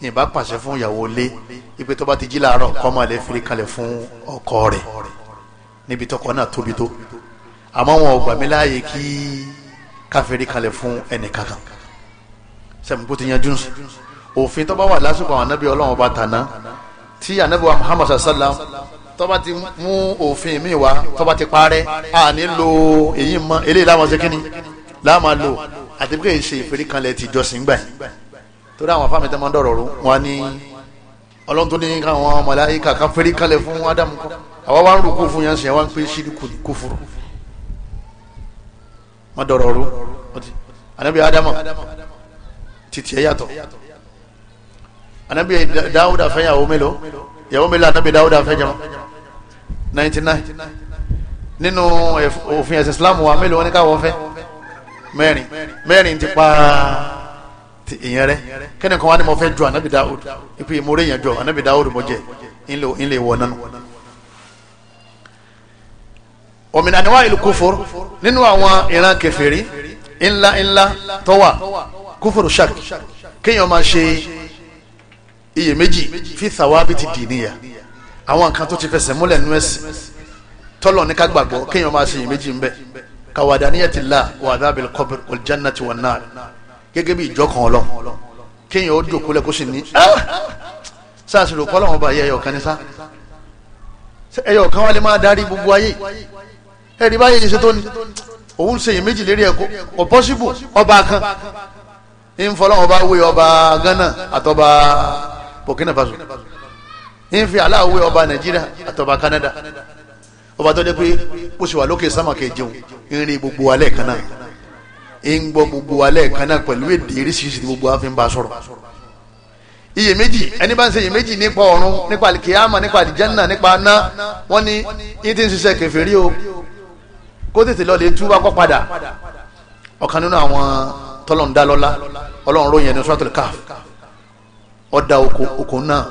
ìbá pàṣẹ fún ìyàwó ilé ipe tó bá ti jí làárọ̀ kọ́ máa lè fi kalẹ̀ fún ọkọ rẹ̀ níbi tọkọ náà tóbi tó àmọ́ wọn ò gbà mí láàyè kí káfíìrì kalẹ̀ fún ẹnìkankan sẹ́mi kó ti yanjú sùn òfin tó bá wà lásìkò àwọn anábì ọlọ́run ọba tàná tí anábì wa Muhammad sallam tó bá ti mú òfin mi wá tó bá ti parẹ́ a nílò èyí mọ eléyìí láwọn ṣe kínní láwọn máa lò àti bí kò ṣe ìfẹ́rí kanlẹ̀ ti jọ́sìn gbà yìí torí àwọn afáàmì tẹ́ máa ń dọ̀rọ̀ rú wọn ní ọlọ́run tó ní káwọn màláíkà kan fẹ́rí kalẹ̀ fún ádámù kọ́ àwa wá ń rúkú fún yẹn sìn wá ń pè ṣírí kúfúrú má dọ̀rọ̀ rú ànábì ádámù títí ẹ̀ yàtọ̀ ànábì fẹ́ yàwó mélòó yàwó mélòó ànábì dáúdà fẹ́ jẹun ninety nine nínú òfin ẹ̀sìn Islam wa mélòó wọn ní káwọn fẹ́ mẹ́rin mẹ́rin ti pa ti ìyẹn rẹ kẹ́ni kan wá ní mo fẹ́ jọ anabi dawud ipi ìmúre yẹn jọ anabi dawud mo jẹ ńlẹ wọ nánu. ọ̀mìnà àníwá ìlú kúfòrò nínú àwọn ìran kẹfẹ́rí ńlá ńlá tọ́wà kúfòrò ṣak kéèyàn máa ṣe iyèméjì fi thawabi ti dì níyà àwọn nǹkan tó ti fẹsẹ̀ múlẹ̀ nú ẹ̀sìn tọ́lọ̀ ní ká gbàgbọ́ kéèyàn máa ṣe iyèméjì ńbẹ kàwádà níyà ti là wàdà bil qabr gẹ́gẹ́ bí ìjọ kan ọlọ́run kéèyàn ó dùn kúlẹ̀ kó sì ní ah! sáàsì rò kọ́lọ́run ọba yẹ ẹyọ kan ní sá ẹyọ kan wà lè máa darí gbogbo ayé ẹ̀rí báyìí ṣe tó ni òun ṣe yìí méjì lérí ẹ̀kọ́ ọ̀pọ̀sibù ọba kan ìfọlọ́run ọba wé ọba Ghana àtọba Burkina Faso ìfi aláwé ọba Nàìjíríà àtọba Canada ọba tó dé pé ó sì wà lókè sámà kejì òun ìrìn gbogbo alẹ́ kan náà e ń gbọ́ gbogbo alẹ́ kan náà pẹ̀lú èdè oríṣiríṣi tí gbogbo àfin bá sọ̀rọ̀ iyèméjì ẹni bá ń ṣe iyèméjì nípa ọ̀run nípa alikiyama nípa alijanna nípa aná wọ́n ní yín ti ń ṣiṣẹ́ kèfèrí o kó tètè lọ lè túbà kó padà ọ̀kan nínú àwọn tọ́lọ̀n dá lọ́lá ọlọ́run ròyìn ẹni suratul Kahf ọ̀dà oko náà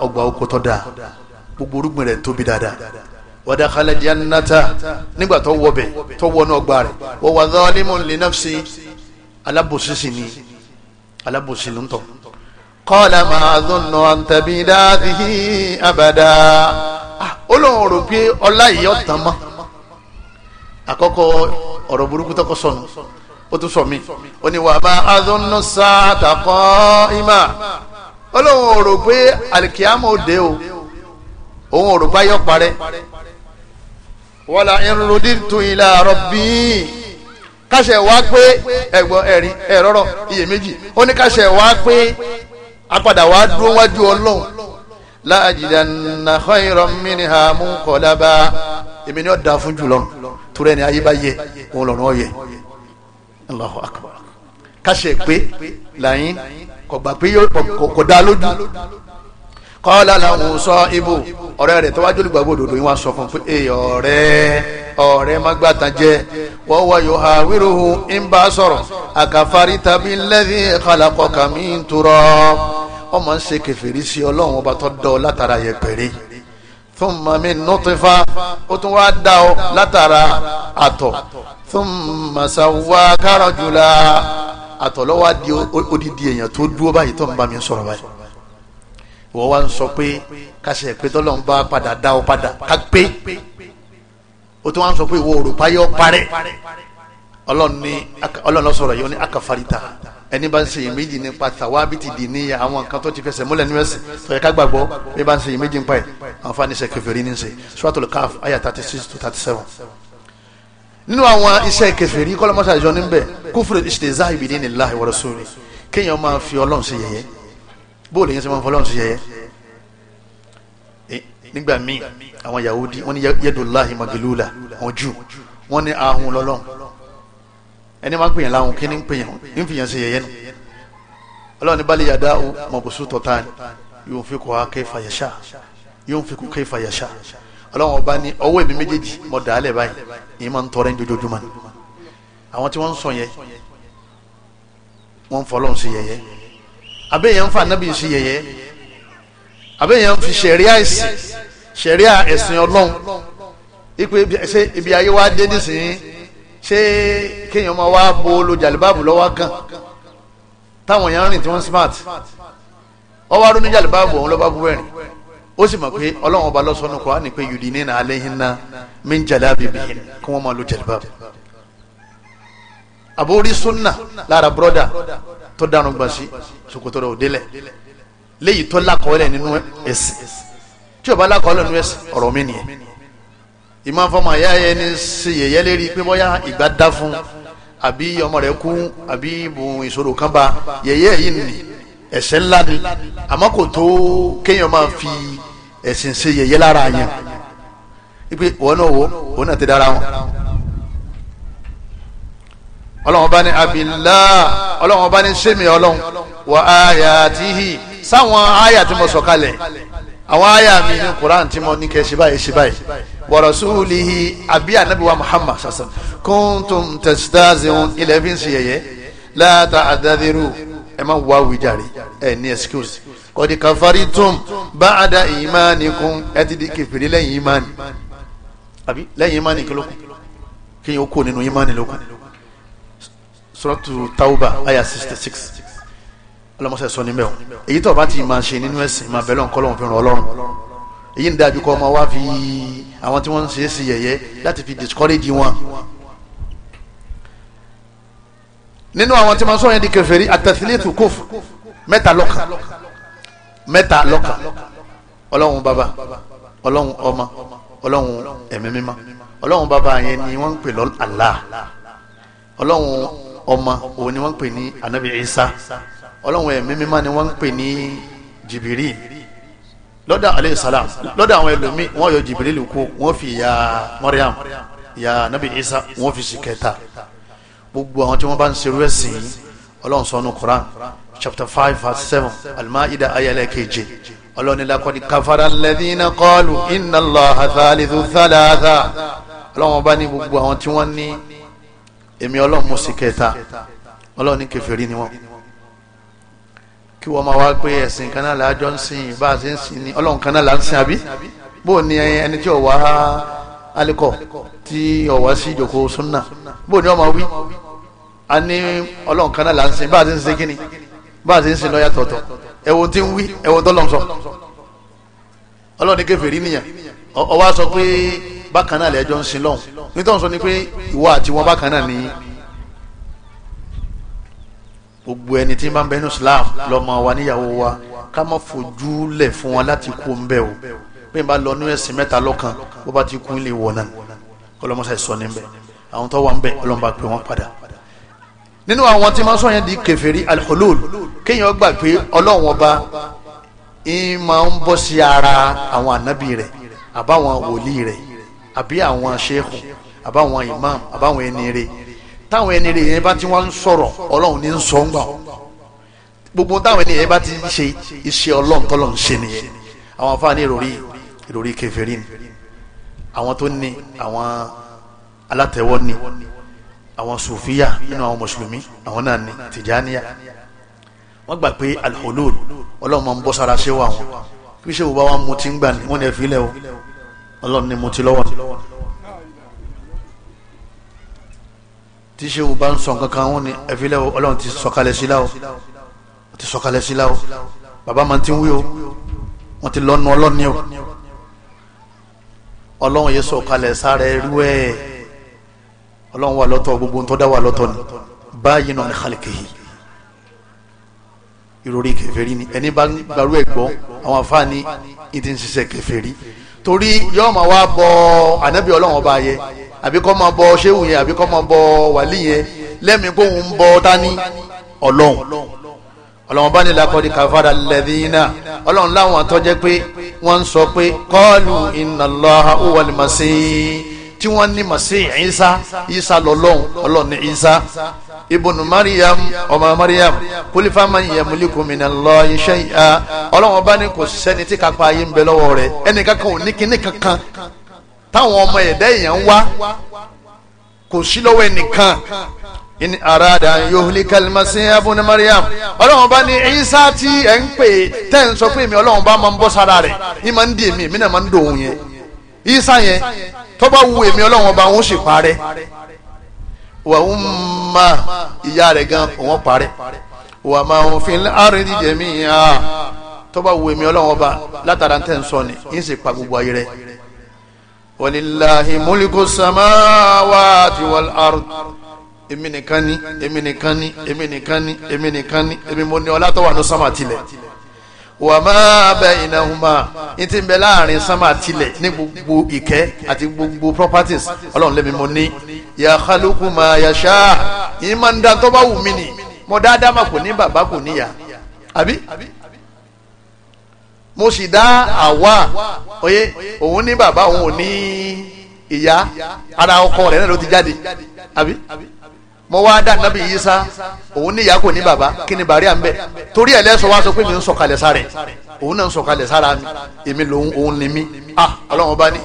ọgbà oko tó dáa gbogbo orúgbìn rẹ̀ tóbi dáadáa wadakhala jannata nígbà tó wọ bẹ̀ tó wọnú ọgbà rẹ̀ wa wa zalimun li nafsi alábòsísì ni alábòsí ló ń tọ̀. qala ma adhunnu an tabida hadhihi abada ó lóun rò pé ọlá yìí ọ̀tàn mọ́ àkọ́kọ́ ọ̀rọ̀ burúkú tọkọ sọnù ó tún sọ mí ó ní wa ma adhunnu sa'ata qa'ima ó lóun rò pé alikiyama ó o òun rò pé parẹ́ wọ́lá ìrùndíntu ilà rọ̀bì káṣẹ̀ wá pé ẹ̀gbọ́n ẹ̀rín ẹ̀rọ̀rọ̀ iyèméjì ó ní káṣẹ̀ wá pé apadà wá dúró wájú ọlọ́run láàjìdánná khayran minha munqalaba èmi ni ó da fún jù lọ́rùn ni ayé bá yẹ òun lọ́rùn ọ̀yẹ Allahu akbar káṣẹ̀ pé làyín kọ̀gbà pé kò dá lójú kọ́lá làwọn sọ ibo ọ̀rẹ́ rẹ̀ tọ́wájú olùgbàgbọ́ òdòdó yín wá sọ fún un pé ee ọ̀rẹ́ ọ̀rẹ́ má gbàtàn jẹ wọ́n wá yóò ha wíruhu ń bá sọ̀rọ̀ àkàfàrí tàbí lẹ́yìn kàlàkọ̀ kàmí ń turọ̀ ọmọ ń ṣe kẹfìrí sí ọlọ́run ọba tó dọ̀ látara yẹpẹ̀rẹ́ thumma min nutfa ó tún wá dá ọ látara àtọ̀ thumma sawwaka rajula àtọ̀ ló wá di odidi èèyàn tó dúró báyìí tó ń bá mi sọ̀rọ̀ báyìí ìwọ wa ń sọ pé kásẹ̀ pé tọ́lọ̀ ń bá padà dá ọ padà ká pé o tún wá ń sọ pé ìwọ òrùpá yọ parẹ́ ọlọ́run sọ̀rọ̀ yìí ó ní akafarita ẹni bá ń ṣe iyèméjì nípa tàwa bí ti dì níyà àwọn nǹkan tó ti fẹsẹ̀ múlẹ̀ ní ẹ̀sìn tọ̀yẹ ká gbàgbọ́ bí bá ń ṣe iyèméjì nípa ẹ̀ àwọn fani ṣe kẹfẹ́rí ní ṣe suratul kaf aya thirty six to thirty seven. nínú àwọn iṣẹ́ kẹfẹ́rí kọ́lọ́mọ́sá ìjọ níbẹ̀ kufru istihza'i bi dinillahi wa rasuli kéèyàn máa fi ọlọ́run ṣe yẹ̀yẹ́ bóòlù yẹn ṣe máa ń fọlọ́run sí yẹyẹ eh, nígbà míì àwọn yahudi wọ́n ní yadullahi magilula àwọn jù wọ́n ní ahun lọ́lọ́run ẹni máa ń pèyàn láhùn kí ni ń pèyàn ń fìyàn sí yẹyẹ nù ọlọ́run ní bali yàda mọ̀bùsù tọ̀tàn yóò fi kọ́ kayfa yasha yóò fi kọ́ kayfa yasha ọlọ́run ọba ní ọwọ́ èmi méjèèjì mọ̀ dàálẹ̀ báyìí èyí máa ń tọrẹ ní dojoojúmọ́ àwọn tí wọ́n ń sọ yẹn wọ́n ń fọlọ́run sí yẹyẹ àbẹ́yẹn ń fa nábì ṣe yẹ̀yẹ́ àbẹ́yẹn ń fi ṣẹ̀ríà ẹ̀sìn ṣẹ̀ríà ẹ̀sìn ọlọ́run ipe ṣe ibi ayé wa dé nísìnyí ṣé kéèyàn máa wá bo olùjàlíbáàbù lọ́wọ́ kan táwọn èèyàn rìn tí wọ́n smart wọ́n wá rún ní jàlíbáàbù òun lọ́ba búwẹ̀rìn ó sì mọ̀ pé ọlọ́run ọba lọ́sọ̀nù kọ́ á ní pé yùdí nínú alẹ́ yín ná mí ń jàlá bìbí kí wọ́n máa lo jàlíbáàbù àbórí sunna lára brọ́dà tó dànù gbànsí ṣòkòtò rẹ̀ o délẹ̀ léyìí tó lakọọlẹ̀ nínú ẹ̀sìn tí o bá lakọọlẹ̀ nínú ẹ̀sìn ọ̀rọ̀ mi nìyẹn ìmọ̀ fọmọ ayé ayé ni ṣèyẹyẹ lérí pé bóyá ìgbà dá fún àbí ọmọ rẹ̀ kú àbí ìbùn ìṣòro kan bá yẹyẹ yìí nì ẹ̀ṣẹ̀ ńlá ni àmọ́ kò tó kéèyàn máa fi ẹ̀sìn ṣe yẹyẹ lára yẹn ipe wọn náà wo wọn náà ti dára wọn ọlọ́run bá ní abilá ọlọ́run bá ní sẹ́mi ọlọ́run wà áyà tìhì sáwọn áyà tí mo sọ kalẹ̀ àwọn áyà mi ní Qur'an tí mo ní kẹ́ ṣe báyìí ṣe báyìí wa rasulihi àbí ànábìwá Muhammad sàṣà kuntum tastahzi'un ilẹ̀ fi ń ṣe yẹ̀yẹ́ la ta'tadiru ẹ má wá wíjàre ẹ ní excuse kọ́dí kafartum ba'da imanikum ẹ ti di kẹfìrí lẹ́yìn ìmánì àbí lẹ́yìn ìmánì kí kí yẹn ó kó nínú ìmánì ló suratu tauba aya sixty six ọlọmọsẹ sọ níbẹ̀ o èyí tó o bá ti máa ṣe nínú ẹ̀sìn máa bẹ̀ lọ́n kọ́ lọ́n fi ràn ọlọ́run èyí ń dájú kọ́ ọmọ wa fi àwọn tí wọ́n ń ṣe é sí yẹ̀yẹ́ láti fi discourage wọn nínú àwọn tí ma sọ yẹn di kèfèrí àtẹ̀sílẹ̀tù kófù mẹ́ta lọ́kàn mẹ́ta lọ́kàn ọlọ́run bàbá ọlọ́run ọmọ ọlọ́run ẹ̀mí mímọ́ ọlọ́run bàbá yẹn ni wọ́n ń pè lọ́ Allah ọlọ́run ọmọ òun ni wọ́n ń pè ní anabi isa ọlọ́run ẹ̀mí mímọ́ ni wọ́n ń pè ní jìbìrì lọ́dọ̀ aleyhi salam lọ́dọ̀ àwọn ẹlòmíì wọ́n yọ jìbìrì lù kú wọ́n fi ya mariam ya anabi isa wọ́n fi sí kẹta gbogbo àwọn tí wọ́n bá ń ṣerú ẹ̀sìn yìí ọlọ́run sọ nù Quran chapter five verse seven al-Ma'idah ayẹlẹ keje ọlọ́run ní lakọ́ni kafara alladhina qalu inna Allaha thalithu thalatha ọlọ́run bá ní gbogbo àwọn tí wọ́n ní èmi ọlọ́run mo sì kẹta ọlọ́run ní kèfèrí ni wọ́n kí wọ́n máa wá pé ẹ̀sìn kan náà láàjọ ń sìn bá a ṣe ń sìn ní ọlọ́run kan náà là ń sìn àbí bó ni ẹni tí ọ̀wá alikọ tí ọ̀wá sí ìjòkó súnà bó ni wọ́n máa wí a ní ọlọ́run kan náà là ń sìn bá a ṣe ń sìn ni bá a ṣe ń sìn lọ́yà tọ̀tọ̀ ẹ̀wọ̀n tí ń wí ẹ̀wọ̀n tọ́lọ́ sọ ọlọ́run ní kèfèrí nìyẹn ọwọ́ sọ pé bákan náà lẹ́jọ́ ń sìn lọ́hùn nítorí sọ ni pé ìwọ àti wọn bákan náà ni gbogbo ẹni tí ń bá ń bẹ nínú Islam lọ́mọ wa níyàwó wa ká má fojú lẹ̀ fún wọn láti kú ń bẹ̀ o bí n bá lọ ní ẹ̀sìn mẹ́ta lọ́kàn bó bá ti kú ilé wọ̀ náà ọlọ́mọṣẹ́ sọ níbẹ̀ àwọn tó wà ń bẹ̀ ọlọ́mọba pé wọ́n padà nínú àwọn tí máa sọ yẹn di kèfèrí alholol kéèyàn gbà pé ọlọ́run ọba ń máa ń bọ́ sí ara àwọn ànábì rẹ̀ àbáwọn wòlíì rẹ̀ àbí àwọn ṣéhùn àbáwọn imam àbáwọn ẹni rẹ táwọn ẹni rẹ yẹn bá ti wá ń sọ̀rọ̀ ọlọ́run ní ń sọ ń gbà gbogbo táwọn ẹni yẹn bá ti ṣe iṣẹ́ ọlọ́run tọ́lọ̀ ń ṣe nìyẹn àwọn afáàní ìròrí ìròrí kèfèrí ni àwọn tó ní àwọn alátẹ̀wọ́ ni àwọn sùfíà nínú àwọn mùsùlùmí àwọn náà ni tìjàníyà wọ́n gbà pé alholol ọlọ́run máa ń bọ́ sára ṣé wà wọn kí ṣé wò bá wọn mutí ń gbà ní wọn ni ẹ fi lẹ́ o ọlọ́run ni mutí lọ́wọ́ ni. tí sẹ́wù bá ń sọ kankan wọn ni ẹ̀fílẹ̀ ọlọ́run ti sọ̀kalẹ̀ sí láwọ ti sọ̀kalẹ̀ sí láwọ bàbá máa ti wí o wọ́n ti lọ́nu ọlọ́ni o ọlọ́run yìí sọ̀kalẹ̀ sára ẹrú ẹ̀ ọlọ́run wà lọ́tọ̀ gbogbo ń tọ́dá wà lọ́tọ̀ ni báyìí náà ní kàlẹ́kẹ̀yì ìròrí kèfèrí ni ẹni bá gbarú ẹ̀ gbọ́ àwọn afáàní ìdí ń ṣiṣẹ́ kèfèrí torí yóò máa wá bọ ànábì ọlọ́run ọba yẹn àbí kọ́ máa bọ ṣéwù yẹn àbí kọ́ máa bọ wàlí yẹn lẹ́mìí kó ń bọ tání ọlọ́run ọlọ́run bá ní lakọ́dí kàfàdà lẹ́dínà ọlọ́run láwọn tó pé wọ́n ń sọ pé kọ́ọ̀lù inna Allaha huwal masih tí wọ́n ní masih Isa Isa lọ́lọ́run ọlọ́run ní Isa ibùnú mariam ọmọ mariam kúlífà máa ń yẹ múlíkù minallahi shay'a ọlọ́wọ́n bá ní kò sẹ́ni tí kápá ayé ń bẹ lọ́wọ́ rẹ̀ ẹnì kankan ò ní kíní kankan táwọn ọmọ ẹ̀dá èèyàn wá kò sí lọ́wọ́ ẹnìkan in arada yuhlikal masiha ibn mariam ọlọ́run bá ní isa tí ẹ̀ ń pè tẹ́ ń sọ pé mi ọlọ́run bá máa ń bọ́ sára rẹ̀ ní máa ń di èmi èmi náà máa ń dòun yẹn isa yẹn tó wu èmi ọlọ́run bá ń ó sì Wa umma ma ìyá rẹ̀ gan òun parẹ́ wà máa ń fi àárín jíjẹ mí ha tọ́ba wo èmi ọlọ́wọ́n ba látara tẹ̀ ń sọ ni yín sì pa gbogbo ayé rẹ̀ walilahi muliku samawati wal ard èmi nìkan ni èmi nìkan ni èmi nìkan ni èmi nìkan ni èmi mo ní ọlá tó wà ní sámà tilẹ̀ wà má bẹ ìnáhùnmá ní ti ń bẹ láàrin sánmà tilẹ̀ ní gbogbo ìkẹ́ àti gbogbo properties ọlọ́run lẹ́mi mo ní ya khaluqu ma yasha yìí máa ń da tó bá wù mí ni mo dáadáa mà kò ní bàbá kò níyà àbí mo sì dá àwa oye òun ní bàbá òun ò ní ìyá ara ọkọ rẹ̀ náà ló ti jáde àbí mo wá dá nàbí Isa òun níyà kò ní bàbá kí ni bàrí à ń bẹ torí ẹ lẹ́sọ̀ wá sọ pé mi ń sọ̀kalẹ̀ sára òun náà ń sọ̀kalẹ̀ sára mi èmi lòun òun ni mí ah ọlọ́run bá ní.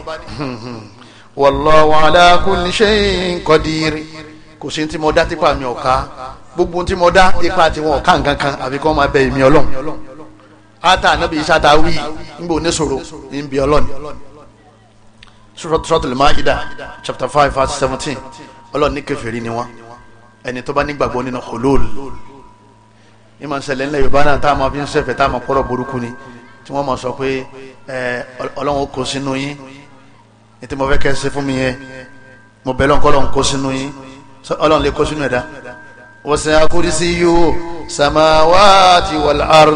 wallahu ala kulli shay'in qadir kò sí tí mo dá tipa mi ọ̀ka gbogbo tí mo dá ipa tiwọn ọ̀ka nǹkan kan àbí kọ́ máa bẹ èmi ọlọ́run ata nàbí Isa ta wí níbo oníṣòro ń bi ọlọ́run Suratul Maida chapter five verse seventeen ọlọ́run ní kèfèrí ni wọ́n ẹni tó bá nígbàgbọ́ nínú hulul ní màá ṣẹlẹ̀ ńlẹ̀ yorùbá náà tá a máa fi ń ṣẹ̀fẹ̀ tá a máa kọ́rọ̀ burúkú ni tí wọ́n máa sọ pé ọlọ́run kò sínú yín ní mo fẹ́ kẹ́ ṣe fún mi yẹn mo bẹ̀ lọ́nkọ́ ọlọ́run kò sínú yín ọlọ́run lè kó sínú ẹ̀dá wọ́sẹ̀ akúrísí yóò samawati wal ard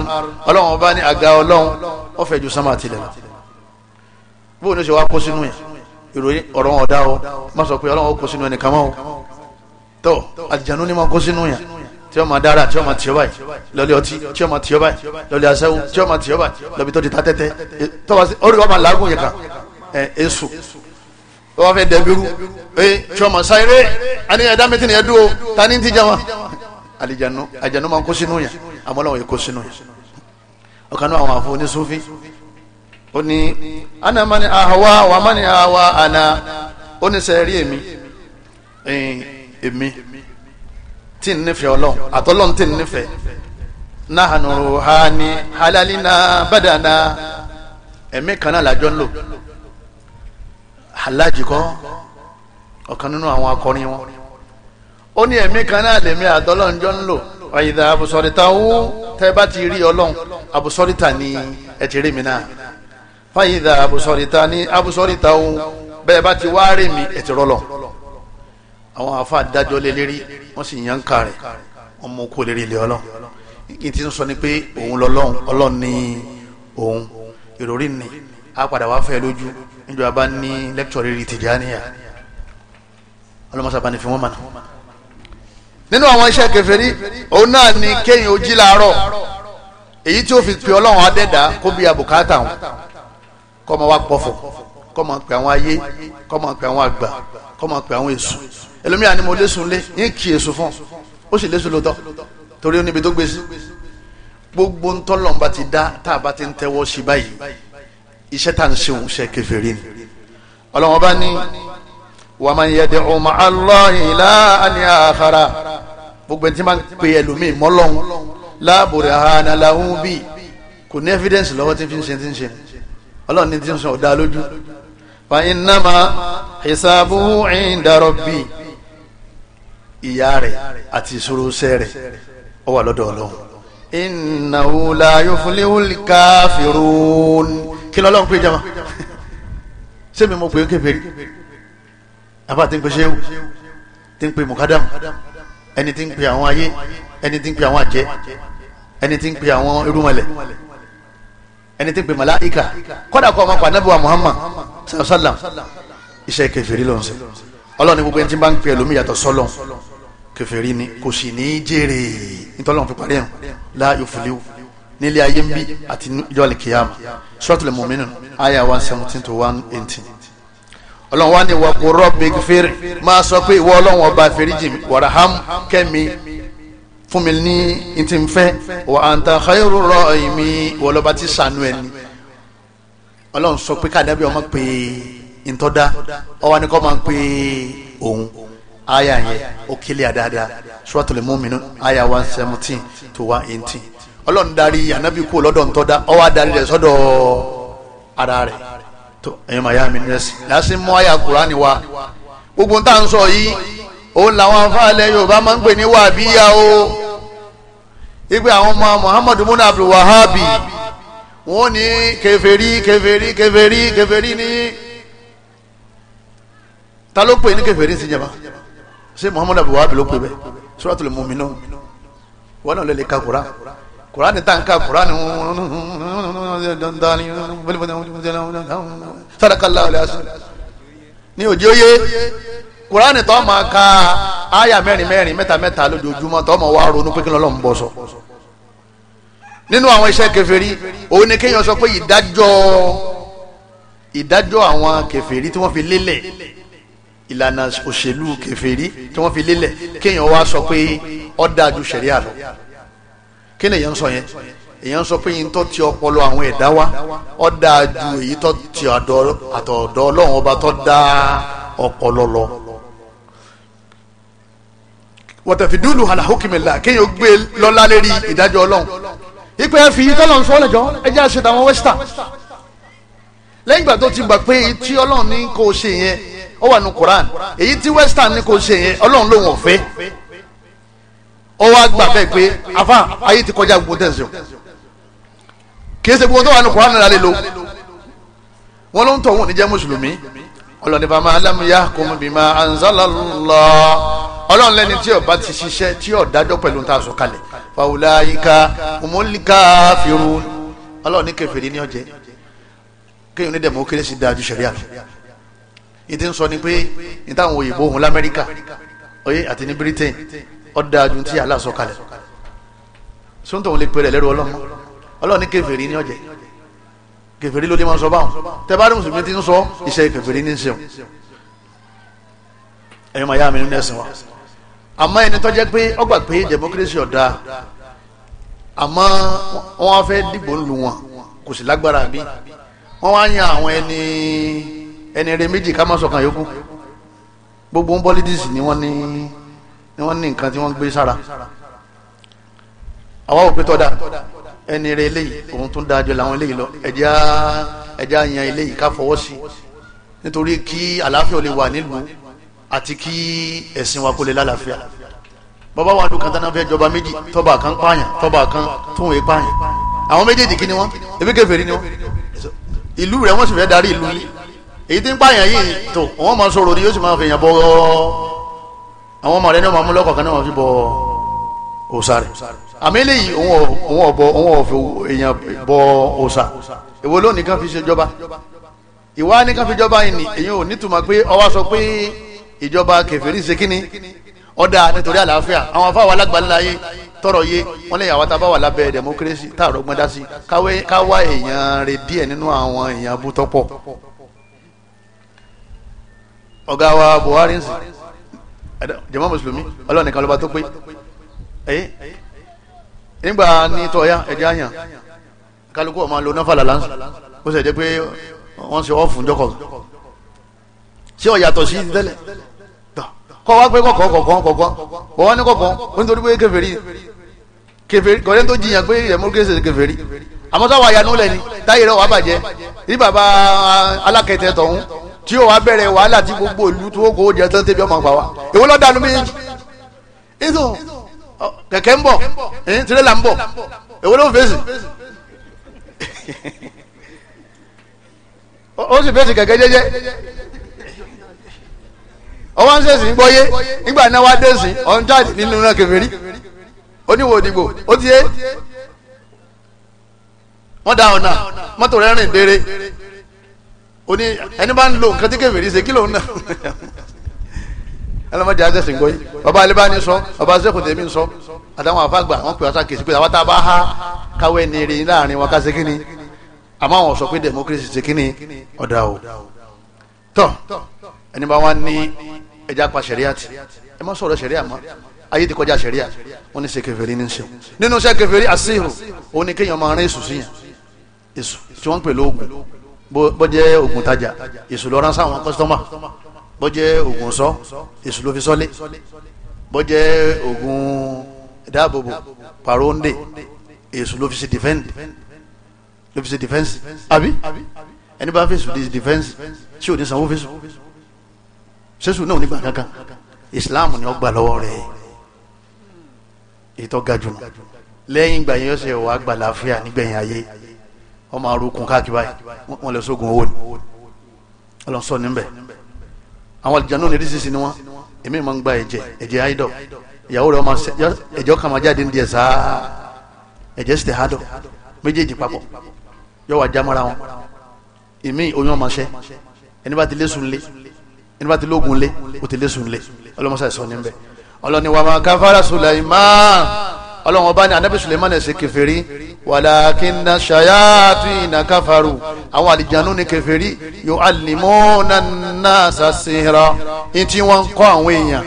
ọlọ́run ọba ní àga ọlọ́run ó fẹ̀ ju sama tilẹ̀ lọ bóun ní ṣe wá kó sínú yẹn ìròyìn ọ̀rọ̀ o má sọ pé ọlọ́run kó tó àlìjánu ni ma kó sínú yẹn tí ó ma dára tí ó ma tiọ́ báyìí lọ́lẹ́ ọtí tí ó ma tiọ́ báyìí lọ́lẹ́ asẹ́wó tí ó ma tiọ́ báyìí lọ́bi tó ti ta tẹ́tẹ́ tọ́wọ́ sí orí wa ma làágùn yẹn kan ẹ̀ èso tó wá fẹ́ dẹ̀bírú ee tí ó ma sáyéré àní ẹ̀dá mi ti ni ẹ̀dú o ta ni ti jẹ wọn àlìjánu àlìjánu ma kó sínú yẹn àmọ́ làwọn yẹn kó sínú yẹn ọ̀kan náà àwọn àfọ oníṣòfin ó ní ana mani ahawa wa mani ahawa ana ó ní sẹ́ẹ̀rí èmi Emi, tin ń nífẹ̀ẹ́ ọlọ́run àtọ́lọ́run tí ń nífẹ̀ẹ́ nahanu ruhani halalina badana ẹ̀mí kan náà làjọ ń lò aláàjì kọ́ ọ̀kan nínú àwọn akọrin wọn ó ní ẹ̀mí kan náà lèmi àtọ́lọ́run jọ ń lò ọ̀yìnbá abusorita ó tẹ́ bá ti rí ọlọ́run abùsọ̀rìtà ni ẹ mi náà fàyìnbá abùsọ̀rìtà ni abùsọ̀rìtà ó bẹ́ẹ̀ bá ti wá rí mi ẹ àwọn afa dájọ́ lé lérí wọ́n sì yàn ká rẹ̀ wọ́n mú kó lérí ilé ọlọ́run kí n ti sọ ni pé òun lọ́lọ́run ọlọ́run ní òun ìròrí ni a padà wá fẹ́ lójú níjọba bá ní lẹ́kítọ̀ rírì Tìjàníyà ọlọ́mọsábà ní fi wọ́n mọ̀nà. nínú àwọn iṣẹ́ kèfèrí òun náà ni kéèyàn ojí làárọ̀ èyí tí ó fi pe ọlọ́run adẹ́dàá kó bí abùkátà wọn kọ́ ọmọ wa pọ̀fọ̀ kọ́ máa pè àwọn ayé kọ́ máa pè àwọn àgbà kọ́ máa pè àwọn èṣù ẹlòmíràn ni mo lésùn lé yín kì èṣù fún ó sì lésùn lóòótọ́ torí ó níbi tó gbé sí gbogbo ntọ́lọ́mba ti dá tá a bá ti ń tẹ́wọ́ sí báyìí iṣẹ́ tá à ń ṣe òun ṣe ni ọlọ́wọ́n bá ní wa man yad'u ma'a Allahi ilahan akhara gbogbo ẹni tí máa ń pe ẹlòmíì mọ́lọ́hún la burhana lahu kò ní evidence lọ́wọ́ tí fi ń ṣe tí ń ṣe ọlọ́run ní tí ń sọ ọ̀dà lójú fa innama hisabuhu inda rabbi ìyá rẹ̀ àti ìṣòro iṣẹ́ rẹ̀ ó wà lọ́dọ̀ ọlọ́run innahu la yuflihul kafirun kí lọ́lọ́run pé jama ṣé mi mo pè é kébèrè àbá tí ń pè ṣéwù tí ń pè mùkádàmù ẹni tí ń pè àwọn ayé ẹni tí ń pè àwọn àjẹ́ ẹni ẹni tí ń pè màláìka kọ́dà kọ́ ọmọ pa anabi wa muhammad sallam iṣẹ́ kẹfẹ́rí ló ń ṣe ọlọ́run ní gbogbo ẹni tí bá ń pè ẹlòmíì yàtọ̀ sọ́lọ́ kẹfẹ́rí ni kò sì ní í jèrè nítorí fi parí ẹ̀ la yuflihu nílé ayé ń bí àti ìjọ àlìkìyàmà suratul mu'minun àyà one seventeen to one eighteen ọlọ́run wá ní wọ́pọ̀ rọ́ọ̀bì fèrè máa sọ pé ìwọ ọlọ́run ọba fèrè jì wàrà hàm kẹ́mi fún mi ní n ti fẹ́ wa anta khairu raimi wọlọ́ba ti sànú ẹni ọlọ́run sọ pé kàdábì ọmọ pé ntọ́da ọwọ́ ni kò máa pé òun aya yẹn ó kílẹ̀ àdáadáa suratul mu'minun aya one seventeen to one eighteen ọlọ́run darí anabi kú lọ́dọ̀ ntọ́da ọwọ́ adarí rẹ̀ sọ́dọ̀ ara rẹ̀ tó ẹ̀yin màá yá mi nẹ́sì láti mú aya Kùránì wa gbogbo ntà sọ yìí òun làwọn afáàlẹ̀ Yorùbá máa ń pè ní wàbíyà o ìgbé àwọn ọmọ muhammadu muna abdul wahabi wọ́n ní kèfèrí kèfèrí kèfèrí kèfèrí ní ta ló pè ní kèfèrí sí jẹba ṣé muhammadu abdul wahabi ló pè bẹ suratul mu'minun wọn náà lè lè ka kura kura ni tá n ka kura ni sadakala wàlẹ́ aṣọ ní òjì ó yé kura ni tọ́ ma ka aya mẹ́rin mẹ́rin mẹ́ta mẹ́ta lójoojúmọ́ tọ́ ma wá ronú pé kí lọ́lọ́ bọ̀ sọ nínú àwọn iṣẹ́ kèfèrí òun ni kéèyàn sọ pé ìdájọ́ ìdájọ́ àwọn kèfèrí tí wọ́n fi lélẹ̀ ìlànà òṣèlú kèfèrí tí wọ́n fi lélẹ̀ kéèyàn wá sọ pé ó dájú ṣẹ̀ríà lọ kí ni èèyàn sọ yẹn èèyàn sọ pé yìí tó ti ọpọlọ àwọn ẹ̀dá wa ó dájú èyí tó ti àtọ̀dọ̀ ọlọ́run ọba tó dá ọpọlọ lọ wọ́n tẹ̀ fi dúdú àlàhókìmìlà kéèyàn gbé lọ́lá lérí ìdájọ́ ọlọ́run ipe ẹ̀fì yìí tọ́lọ̀ ń sọ lẹ́jọ́ ẹjẹ́ àṣẹ tàwọn wẹ́sítà lẹ́yìn ìgbà tó ti gbà pé èyí tí ọlọ́run ní kò ṣe yẹn ó wà ní Quran èyí tí wẹ́sítà ní kò ṣe yẹn ọlọ́run lòun ò fẹ́ ó wá gbà bẹ́ẹ̀ pé afa ayé ti kọjá gbogbo tẹ̀sán kì ṣe gbogbo tó wà ní Quran náà lè lo wọn ló ń tọ̀ wọn ní jẹ́ mùsùlùmí ọlọ́ni bá máa lámúyá kùn bí máa anzalallah ọlọ́run lẹ́ni tí ó ti ṣiṣẹ́ tí ó pẹ̀lú ń ta àṣọ kalẹ̀ fàwùláyíká òmùlíkà fìrù ọlọ́run ní kẹfìrí ní ọjẹ́ kéèyàn ní democracy dáa ju sẹ̀ríà ìdí ń sọ ni pé ní táwọn òyìnbó ohun lamẹ́ríkà oyè àti ní Britain ó dáa ju ti Allah sọ kalẹ̀ sóńtò òun lè pèrè lẹ́rù ọlọ́mọ ọlọ́run ní kẹfìrí ní ọjẹ́ kẹfìrí ló lè máa sọ báwọn tẹ́bárí mùsùlùmí ti ń sọ iṣẹ́ kẹfìrí ní ń sẹ́wọ̀n ẹ̀yọ́ àmọ́ ẹni tó jẹ́ pé ó gbà pé democracy ọ̀dà àmọ́ wọ́n fẹ́ dìbò ń lu wọn kò sì lágbára bí wọ́n wá yan àwọn ẹni ẹni rẹ méjì ká má sọ̀kan yòókù gbogbo ń politics ni wọ́n ní ni wọ́n ní nǹkan tí wọ́n gbé sára àwa ò pé tọ́da ẹni rẹ eléyìí òun tún dáa jọ làwọn eléyìí lọ ẹ̀já ẹ̀já yan eléyìí ká fọwọ́ sí nítorí kí àlàáfíà lè wà nílùú àti kí ẹ̀sìn wa kó lè lálàáfíà bàbá wa dùn kàntánà fẹ́ jọba méjì tọ́ba kan pààyàn tọ́ba kan tóun èé pààyàn àwọn méjèèjì kí ni wọ́n ebi kèfèrí ni wọ́n ìlú rẹ̀ wọ́n sì fẹ́ darí ìlú yìí èyí tí ń pààyàn yìí tó wọ́n máa sọ̀rọ̀ ni yóò sì máa fèèyàn bọ́ àwọn ọmọ rẹ̀ ní ọmọ amúlọ́kọ̀ kan náà wọ́n fi bọ́ òòsà rẹ̀ àmì eléyìí òun ọ̀bọ òun ọ̀fẹ́ èèyàn bọ́ òòsà èwo lónìí kan fi ṣèjọba ìwá ní kan fi jọba yìí ni èyí ò nítumọ̀ pé ọwá sọ pé ìjọba kèfèrí ṣe kíni ọ̀dà nítorí àlàáfíà àwọn afáwọn alágbàláyé tọrọ yé wọn lè yàwá tábà wà lábẹ́ democracy táàrọ̀ gbọ́n dá sí káwá èèyàn rẹ̀ díẹ̀ nínú àwọn èèyàn abútọ́pọ̀ ọ̀gá wa Buhari ń sìn jàmá mùsùlùmí ọlọ́run nìkan lọ́ba tó pé ẹ̀yìn nígbà ní tọ́ya ẹ̀jẹ̀ àyàn kálukú ọmọ ló náfà làlánsù ó sì jẹ́ pé wọ́n ṣe ọ́ọ̀fù jọkọ̀ sí ọ̀yàtọ̀ sí tẹ́lẹ̀ kọ́ wá pé kọ̀kọ́ kọ̀kọ́ kọ̀kọ́ kọ̀ wá ní kọ̀kọ́ ó nítorí pé kèfèrí kèfèrí kọ̀rẹ́ tó jiyàn pé democracy kèfèrí àmọ́ sáwọn àyànú lẹ́ni táyé rẹ̀ wà bàjẹ́ ní bàbá alákẹ̀tẹ̀ tọ̀hún tí ó wá bẹ̀rẹ̀ wàhálà tí gbogbo ìlú tó kó jẹ tán tẹ́bi ọmọ àgbà wa èwo lọ́ọ́ dànù méjì èso kẹ̀kẹ́ ń bọ̀ ẹ̀yìn tirẹ́là ń bọ̀ èwo ló fèsì ó sì fèsì kẹ̀kẹ́ jẹ́jẹ́ ọwọ́ ń sẹ̀sìn gbọ́yé nígbà náà wá dẹ́sìn ọ̀n nínú náà oníwò òdìbò ó ti yé wọ́n da ọ̀nà mọ́tò rẹ̀ rìn oní ẹni bá ń lo nǹkan tí kèfèrí ṣe kí náà gbọ́yé bàbá sọ bàbá sẹ́kùn sọ àtàwọn afágbà wọn pè wáṣà àwọn a káwé láàrin wọn àmọ́ àwọn sọ pé democracy ṣe ọ̀dà o tọ́. ẹni bá wọn ní ẹja pa sẹ̀ríà tì ẹ má sọ̀rọ̀ sẹ̀ríà mọ́ ayé ti kọjá sẹ̀ríà wọn ní ṣe kèfèrí ní ṣe nínú ṣe kèfèrí àṣìhò òun ni kéèyàn máa rán èṣù síyàn èṣù tí wọ́n ń pè lóògùn bó jẹ́ ògùn tajà èṣù lọ rán sáwọn kọ́sítọ́mà bó jẹ́ ògùn sọ èṣù ló fi sọ́lé bó jẹ́ ògùn dáàbòbò pàróńdè èṣù ló fi ṣe dìfẹ́ǹdì ló fi ṣe dìfẹ́ǹsì àbí ẹni bá fèsù dìfẹ́ǹsì tí ò ní sanwó fèsù sẹ́sù náà nígbà kankan islam ni ó gbà lọ́wọ́ rẹ̀ ètò ga jùlọ lẹ́yìn ìgbà yẹn ọ̀sẹ̀ wàá gbà láàfíà nígbẹ̀yìn ayé ọmọ arúgbó káàkiri báyìí wọ́n lè sógun owó ni ọlọ́sọ níbẹ̀ àwọn àlìjáná ní rísìsì ni wọ́n èmi máa ń gba ẹ̀jẹ̀ ẹ̀jẹ̀ áìdọ̀ ìyàwó rẹ̀ ọmọ ẹ̀jẹ̀ ọkàn máa jáde ní díẹ̀ sáà ẹ̀jẹ̀ sì tẹ̀ hádọ̀ méjèèjì papọ̀ yọ wà jámọ́ra wọn èmi oyún ọmọ ṣẹ́ ẹni bá ti lé sùn nígbà tí lóògùn lé o ti lé sùn lé ọlọ́mọṣà ìsọ ní bẹ́ẹ̀ ọlọ́ni wà máa káfárà Sulaiman ọlọ́wọ́n bá ní anábì Sulaiman ṣe kèfèrí wàlàkínà ṣayáàtìnà káfàrú àwọn àlìjànú ní kèfèrí yóò alìmọ́nà náà ṣàṣìhìrà ní tí wọ́n ń kọ́ àwọn èèyàn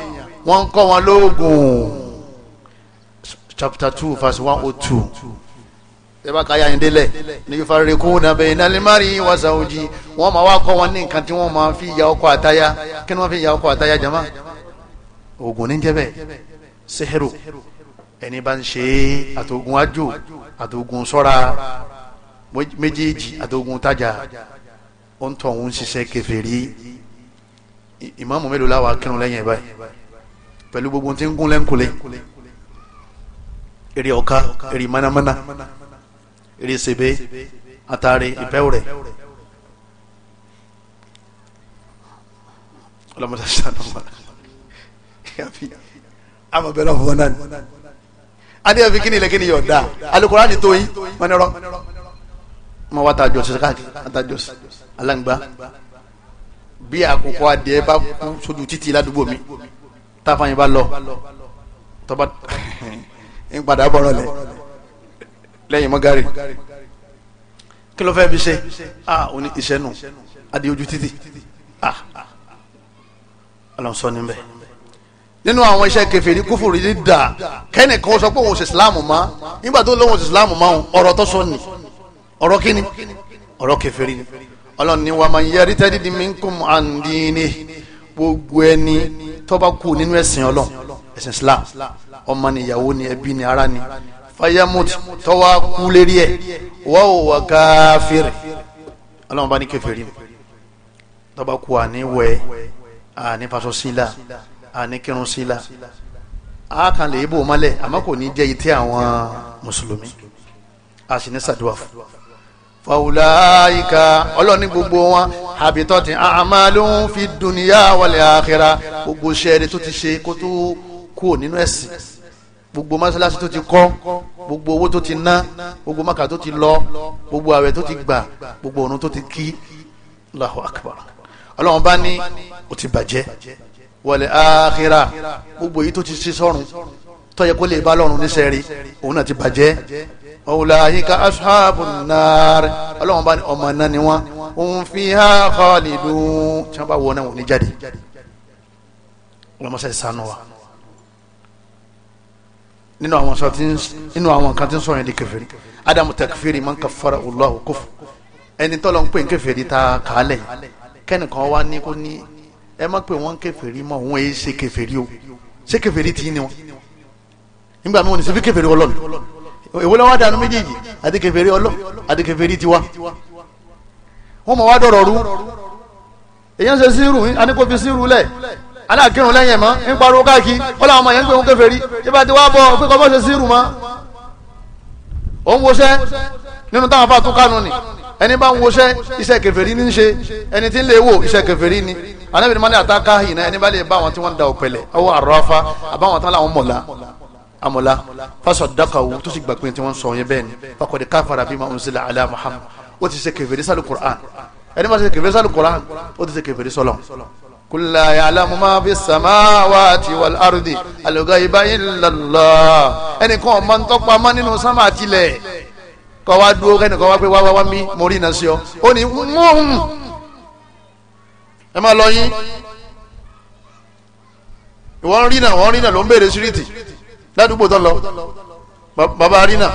wọ́n ń kọ́ wọn lóògùn chapter two verse one oh two tẹ́bá káyà yín délẹ̀ ní yufarriquna bayna al-mar'i wa zawji wọ́n máa wá kọ́ wọn ní nǹkan tí wọ́n máa fi ya ọkọ àtayá kí ni wọ́n fi ya ọkọ àtayá jama oògùn ní jẹ́bẹ̀ sẹ́hẹ̀rù ẹni bá ń ṣe àtògùn àjò àtògùn sọ́ra méjèèjì àtògùn tájà ó ń tọ̀ ń ṣiṣẹ́ kèfèrí ìmáàmù mélòó láwa kírun lẹ́yìn ẹ̀ báyìí pẹ̀lú gbogbo tí ń gún lẹ́ńkulẹ̀ èrè ọ̀ka èrè mánámáná ìrìnsèbé àtàrí ìbẹ́wò rẹ̀ ọlọ́mọdé sànùmọ́ àmọ́ bẹ́ẹ̀ lọ́wọ́ wọn náà ni adé ẹ̀fí kí ni ilẹ̀ kí ni yọ̀ dá alukóra ni tóyin mọ́nirọ́ mọ́ wá tàjọ́ sí káàkiri àtàjọ́ sí aláǹgbá bí àkókò adìẹ bá kú sójú títì ládùúgbò mi táfàyìn lọ tọ́ba ń padà bọ̀rọ̀ lẹ̀ lẹ́yìn mọ́gàrì kí ló fẹ́ fi ṣe ah ó ní iṣẹ́ nù adé ojú títì ah, ah. ọlọ́sọ níbẹ̀ nínú àwọn iṣẹ́ kẹfìrí kúfùrú yìí dà kẹ́nì kan sọ pé òun ṣe islam mọ́ nígbà tó lóun ṣe islam mọ́ ọ̀rọ̀ tó sọ ni ọ̀rọ̀ kíni ọ̀rọ̀ kẹfìrí ni ọlọ́run ni wàá máa yẹrí tẹ́lẹ̀ di mí kún àǹdíní gbogbo ẹni tó kú nínú ẹ̀sìn ọlọ́run ẹ̀sìn islam ọmọ ni ìyàwó ni ẹbí ni ara ni fayamut tọ́wá kú lérí ẹ̀ wọ́n ò wà káfíìrì ọlọ́run bá ní kẹfìrí tọ́ba kú àní wẹ̀ àní faṣọ sílá àní kírun sílá àákan lè bò mọ́lẹ̀ àmọ́ kò ní jẹ́ ìtẹ́ àwọn mùsùlùmí a sì ní sàdúrà fún fàwùláyíká ọlọ́ni gbogbo wọn àbítọ́ àmàlùn fi dùnìyà wal àkhírà gbogbo ṣẹ́ẹ̀rẹ́ tó ti ṣe kó tó kú nínú ẹ̀sìn gbogbo mọ́sálásí tó ti kọ́ gbogbo owó tó ti ná gbogbo maka tó ti lọ gbogbo àwẹ̀ tó ti gbà gbogbo ọ̀run tó ti kí Allahu akbar ọlọ́run bá ní o ti bàjẹ́ wọlé àkírà gbogbo èyí tó ti sí sọ́run tó kó lè bá lọ́run níṣẹ́ òun náà ti bàjẹ́ ọ̀wùlà àyíká ashabun nar ọlọ́run bá ní ọmọ náà ni wọ́n òun fi há khalidun tí wọ́n bá wọ náà wọ́n ní jáde ọlọ́mọṣẹ́ sanu wa nínú àwọn sọ tí nínú àwọn nǹkan tí ń sọ yẹn di kèfèrí adamu takfiri man kafara Allahu kufr ẹni tọ́lọ ń pè ń kèfèrí ta kàálẹ̀ kẹ́nìkan wá ní kó ní ẹ má pè wọ́n kèfèrí mọ́ òun èyí ṣe kèfèrí o ṣe kèfèrí tí ni wọn nígbà mi wọn ní ṣe fi kèfèrí ọlọ́run èwo lọ́wọ́ dànù méjèèjì àti kèfèrí ọlọ́run àti kèfèrí tiwa wọ́n mọ̀ wá dọ̀rọ̀ rú èyí ń ṣe sírù aláàkírun lẹ́yìn mọ́ ń pariwo káàkiri ó làwọn ọmọ yẹn ń pè wọn kèfèrí yíba ti wá bọ̀ pé kọ́ bọ́ ṣe sírù mọ́ òun woṣẹ́ nínú táwọn afá tó kánú ni ẹni bá ń woṣẹ́ iṣẹ́ kèfèrí ní ṣe ẹni tí ń lè wò iṣẹ́ kèfèrí ni anábìrin mọ́lẹ́ àtàkà yìí náà ẹni bá lè bá àwọn tí wọ́n da òpẹlẹ̀ ọwọ́ àrọ́fá àbáwọn tán láwọn mọ̀lá amọ̀lá fasaddaqahu ala Muhammad ó ti ṣe kèfèrí sálù Qur'an ẹni bá ṣe kèfèrí sálù Qur'an ó ti ṣe kèfèrí sọlọ́n kula ya'lamu ma fi samawati wal ardi al-ghayba illa Allah ẹnìkan ọmọ ntọ́pọ̀ ọmọ nínú sánmà àtìlẹ̀ kọ́ wa dúró kẹ́ni kọ́ wa pé wá wá mi mo rí iná sí ọ ó ní mọ́ọ̀mù ẹ máa lọ yín ìwọ́n rí náà wọ́n rí náà ló ń béèrè síríìtì ládùúgbò tó lọ bàbá rí náà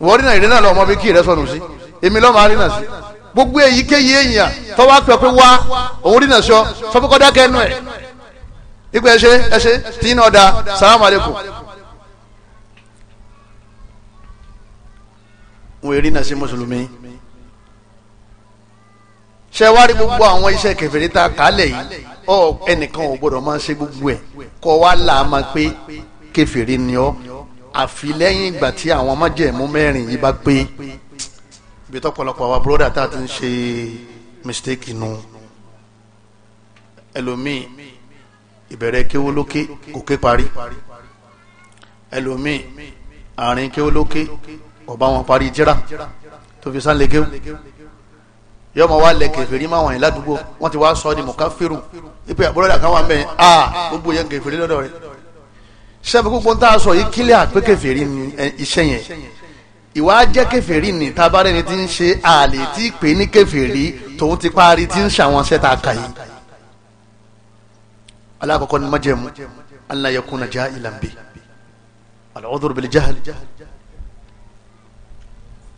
ìwọ́n rí náà ìrí lọ ọmọ bí kí ìrẹsọ̀nù sí èmi lọ́ọ́ máa rí náà sí gbogbo èyíkéyìí èèyàn tó wá pẹ́ pé wá òun rìnà sọ sọ pé kọ́ dákẹ́ ẹnu ẹ̀ ipò ẹ̀ṣẹ̀ ẹ̀ṣẹ̀ tí iná ọ̀dà salamu aleykum. wọn èrì náà sí mùsùlùmí ṣe wá rí gbogbo àwọn iṣẹ́ kẹfìrí ta kálẹ̀ yìí ọ ẹnìkan ò gbọdọ̀ máa ṣe gbogbo ẹ̀ kọ́ wa là á máa pé kẹfìrí ni ọ àfi lẹ́yìn ìgbà tí àwọn májẹ̀mú mẹ́rin yìí bá pé ibi tọ́pọ̀lọpọ̀ àwa broda tá ti ń ṣe mistake nu ẹlòmíì ìbẹ̀rẹ̀ kéwó lókè kò ké parí ẹlòmíì àárín kéwó lókè kò bá wọn parí jíra tó fi sánlé kéwó yọmọ wa lẹ kẹfìrí máa wọ̀nyí ládùúgbò wọn ti wá sọ ni mọ̀káfírù ipe ah, àbúrọ̀dà kan wà mẹ́rin a ah, gbogbo yẹn kẹfìrí lọ́dọ̀ rẹ̀ sẹ́fẹ̀ gbogbo ń tà sọ yìí kílẹ̀ àpékẹfìrí iṣẹ́ yẹn ìwà jẹ́ kèfèrí ní tabarẹ́ ni ti ń ṣe àlè tí pè ní kèfèrí tòun ti parí ti ń ṣàwọn ṣẹ́ta kàyí. alákọ̀ọ́kọ́ ni májẹ̀mú alla yakuna jahilan bi al-udhr bil jahl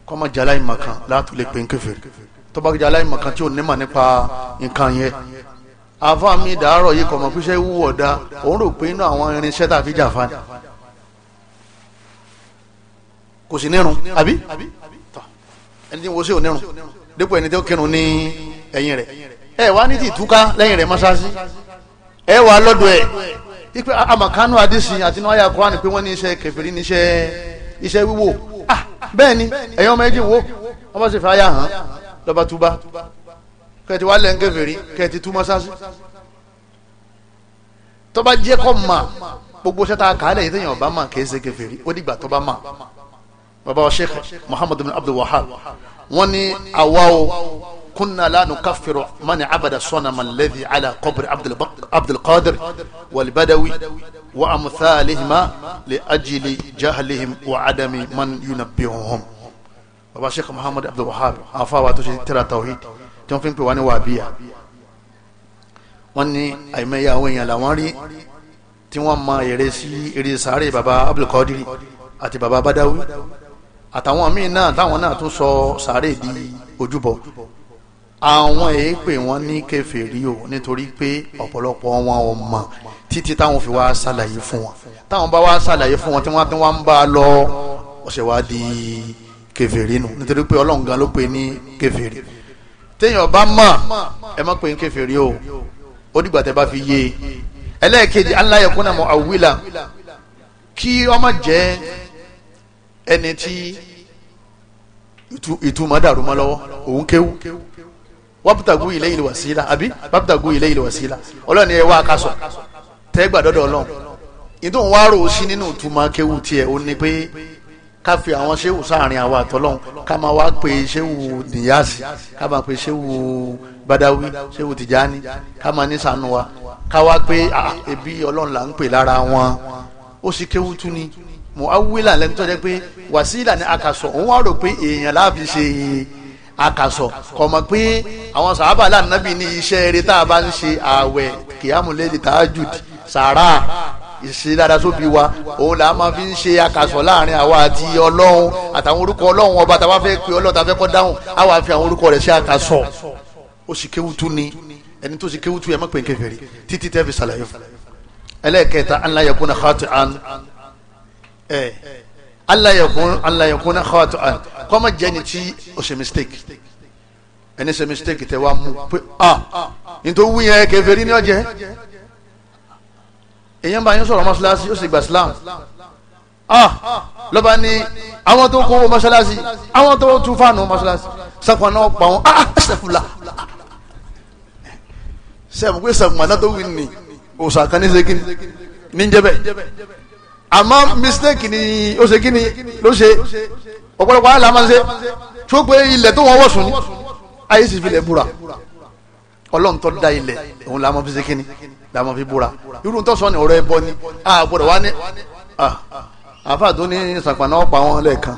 kọ́mọ jala ìmọ̀ kan látò lè pè ní kèfèrí tọ́ba jala ìmọ̀ kan tí ò nímọ̀ nípa nǹkan yẹn àfáà mi dàárọ̀ yìí kọ̀mọ̀ píṣẹ́ wúwọ̀ dá òun rò pé inú àwọn irinṣẹ́ tàbí jàfa ni kò sí nírun àbí tọ ẹni tí wo sí onírun dípò ẹni tí ó kírun ní ẹ̀yìn rẹ̀ ẹ wá ní ti ìtúká lẹ́yìn rẹ̀ mọ́ṣáláṣí ẹ wà lọ́dọ̀ ẹ̀ ipe amakanu adisi àti nọ́ọ̀yà kwan pé wọ́n ní iṣẹ́ kẹfìrí ní iṣẹ́ iṣẹ́ wíwò ah bẹ́ẹ̀ ni ẹ̀yin ọmọ ẹ̀jìn wo wọ́n bá sì fẹ́ aya hàn lọ́ba túbá kẹ́ẹ̀tì wà lẹ́yìn kẹfìrí kẹ́ẹ̀tì tú mọ́ṣáláṣí tọ́ba jẹ́ kọ́ mà gbogbo ṣẹ́ta kàálẹ̀ yìí tẹ̀yìn ọ̀bá mà kẹ́ẹ́ ṣe kẹfìrí ó dìgbà tọ́ba mà baba wa sheikh muhammadu bin abdul wahab wọ́n ní àwa o kunna la nukaffiru mani abada sonama alladhi ala qabri abdulqadir walbadawi wa amuthalihima li ajili jahlihim wa adami man yunabbihum baba sheikh muhammadu abdul wahab afa wa to se tira tawhid tí wọ́n fi ń pè wá ní wàbíyà wọ́n ní àìmọye èèyàn làwọn rí tí wọ́n mọ èrè sí eré sáré baba abdulqadir àti baba badawi àtàwọn míì náà táwọn náà tún sọ sàárè di ojúbọ àwọn èyí pè wọn ní kèfèrí o nítorí pé ọ̀pọ̀lọpọ̀ wọn ò mọ̀ títí táwọn fi wá ṣàlàyé fún wọn táwọn bá wá ṣàlàyé fún wọn tí wọ́n ti wá ń bá a lọ ọ̀sẹ̀ wá di kèfèrí nù nítorí pé ọlọ́run gan ló pè ní kèfèrí téèyàn bá mọ̀ ẹ má pè ní kèfèrí o ó dìgbà tẹ́ bá fi yé ẹlẹ́ẹ̀kejì aláyẹ̀kúnnà àwílà kí ọmọ jẹ́ ẹni tí ìtumọ̀ dàrú mọ́ lọ́wọ́ òun kéwú wabtagu ilayil wasila àbí wabtagu ilayil wasila ọlọ́ni ẹ wá akásọ̀ tẹ́gbà dọ́dọ̀ ọlọ́run ìdún wá rò ó sí nínú ìtumọ̀ kéwú tiẹ̀ ó ní pé ká fi àwọn ṣéwù sáàrin àwọn àtọ́lọ́hún ká máa wá pe ṣéwù nìyáàsì ká máa pe ṣéwù badawi ṣéwù tìjáni ká máa ní sànú wa ká wá pé ebi ọlọ́run là ń pè lára wọn ó sì kéwú tún ni muawila lẹni tó jẹ pé wasila ni akaso òun wá rò pé èèyàn láàfin ṣe akasọ kò mọ̀ pé àwọn sàábà lànàbì ní iṣẹ́ eré tá a bá ń ṣe ààwẹ̀ kìámùlẹ́lì tààjùd sàrà ìṣẹ́dáadásóbi wa òun là á máa fi ń ṣe akasọ láàrin àwa àti ọlọ́run àtàwọn orúkọ ọlọ́run ọba tàwa fẹ́ pé ọlọ́run tàwa fẹ́ kọ́ dáhùn àwa fi àwọn orúkọ rẹ̀ ṣe akasọ ó sì kéwù ni ẹni tó sì kéwù tún yẹ mọ́ pé nkẹfẹ́ títí tẹ́ fi ṣàlàyé ẹlẹ́ẹ̀kẹta an la yakuna khati'an ẹ eh. alayẹkun alayẹkun náà kọ́ọ̀tù ẹ kọ́mọ jẹ́ ni tí o ṣe mistake ẹni ṣe mistake tẹ wá mú pé ah nítorí wú yẹn kèfèrí ní ọjẹ́ èyàn bá yín sọ̀rọ̀ mọ́ṣáláṣí ó sì gba Islam ah lọ́ba ní àwọn tó kó mọ́ṣáláṣí àwọn tó tún fáànù mọ́ṣáláṣí sàkùnà náà pa wọn ah, ah ṣẹfùlà sẹ́mu pé sàkùnà náà tó wí ni òòsàn kan ní ṣe kí ni níjẹ́ àmọ́ mistake ni ó ṣe kí ni ló ṣe ọ̀pọ̀lọpọ̀ àlà máa ṣe tí ó pé ilẹ̀ tó wọ́n wọ̀ sùn ní ayé sì filẹ̀ búra ọlọ́run tó da ilẹ̀ òun làmọ́ fi ṣe kí ni làmọ́ fi búra irú tó sọ ni ọ̀rọ̀ ẹbọ ni àgbọ̀dọ̀ wá ní àfáà tó ní sàpàná ọ̀pá wọn lẹ́ẹ̀kan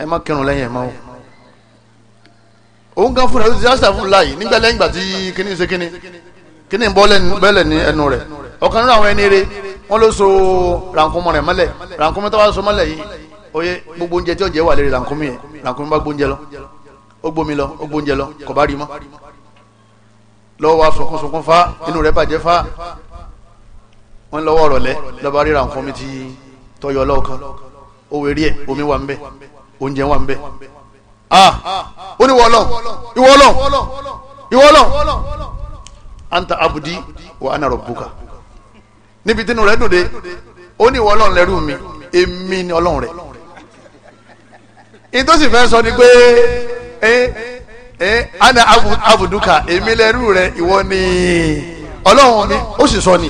ẹ má kírun lẹ́yìn ẹ̀ máa wọ̀ òun kan fúnra ló ti sáà fún láàyè nígbà lẹ́yìn ìgbà tí kíní ṣe kíní kíní bọ́ lẹ́nu wọ́n ló so rankunmọ́ rẹ̀ mọ́lẹ̀ rankunmọ́ tó bá so mọ́lẹ̀ yìí oye gbogbo oúnjẹ tí ó jẹ́ wà lérí rankunmọ́ yẹn rankunmọ́ bá gbóúnjẹ lọ ó gbómi lọ ó gbóúnjẹ lọ kò bá rí mọ́ lọ́wọ́ wa sunkún sunkún fa inú rẹ̀ bàjẹ́ fa wọ́n lọ́wọ́ rọ̀lẹ́ lọ́ba rí rankunmọ́ ti tọyọ lọ́ọ̀kan owó eré ẹ̀ omi wà ń bẹ oúnjẹ wà ń bẹ ah ó ní wọ́ọ̀lọ́ ìwọ́ọ̀lọ́ ìwọ́ọ̀lọ́ anta abudi wa ana rabbuka níbi tínú rẹ dùn dé ó ní ìwọ ọlọ́run lẹ́rú mi èmi ni ọlọ́run rẹ ìtòsí fẹ́ sọ ni pé ẹ ẹ ana abuduka èmi lẹ́rú rẹ ìwọ ni ọlọ́run ni ó sì sọ ni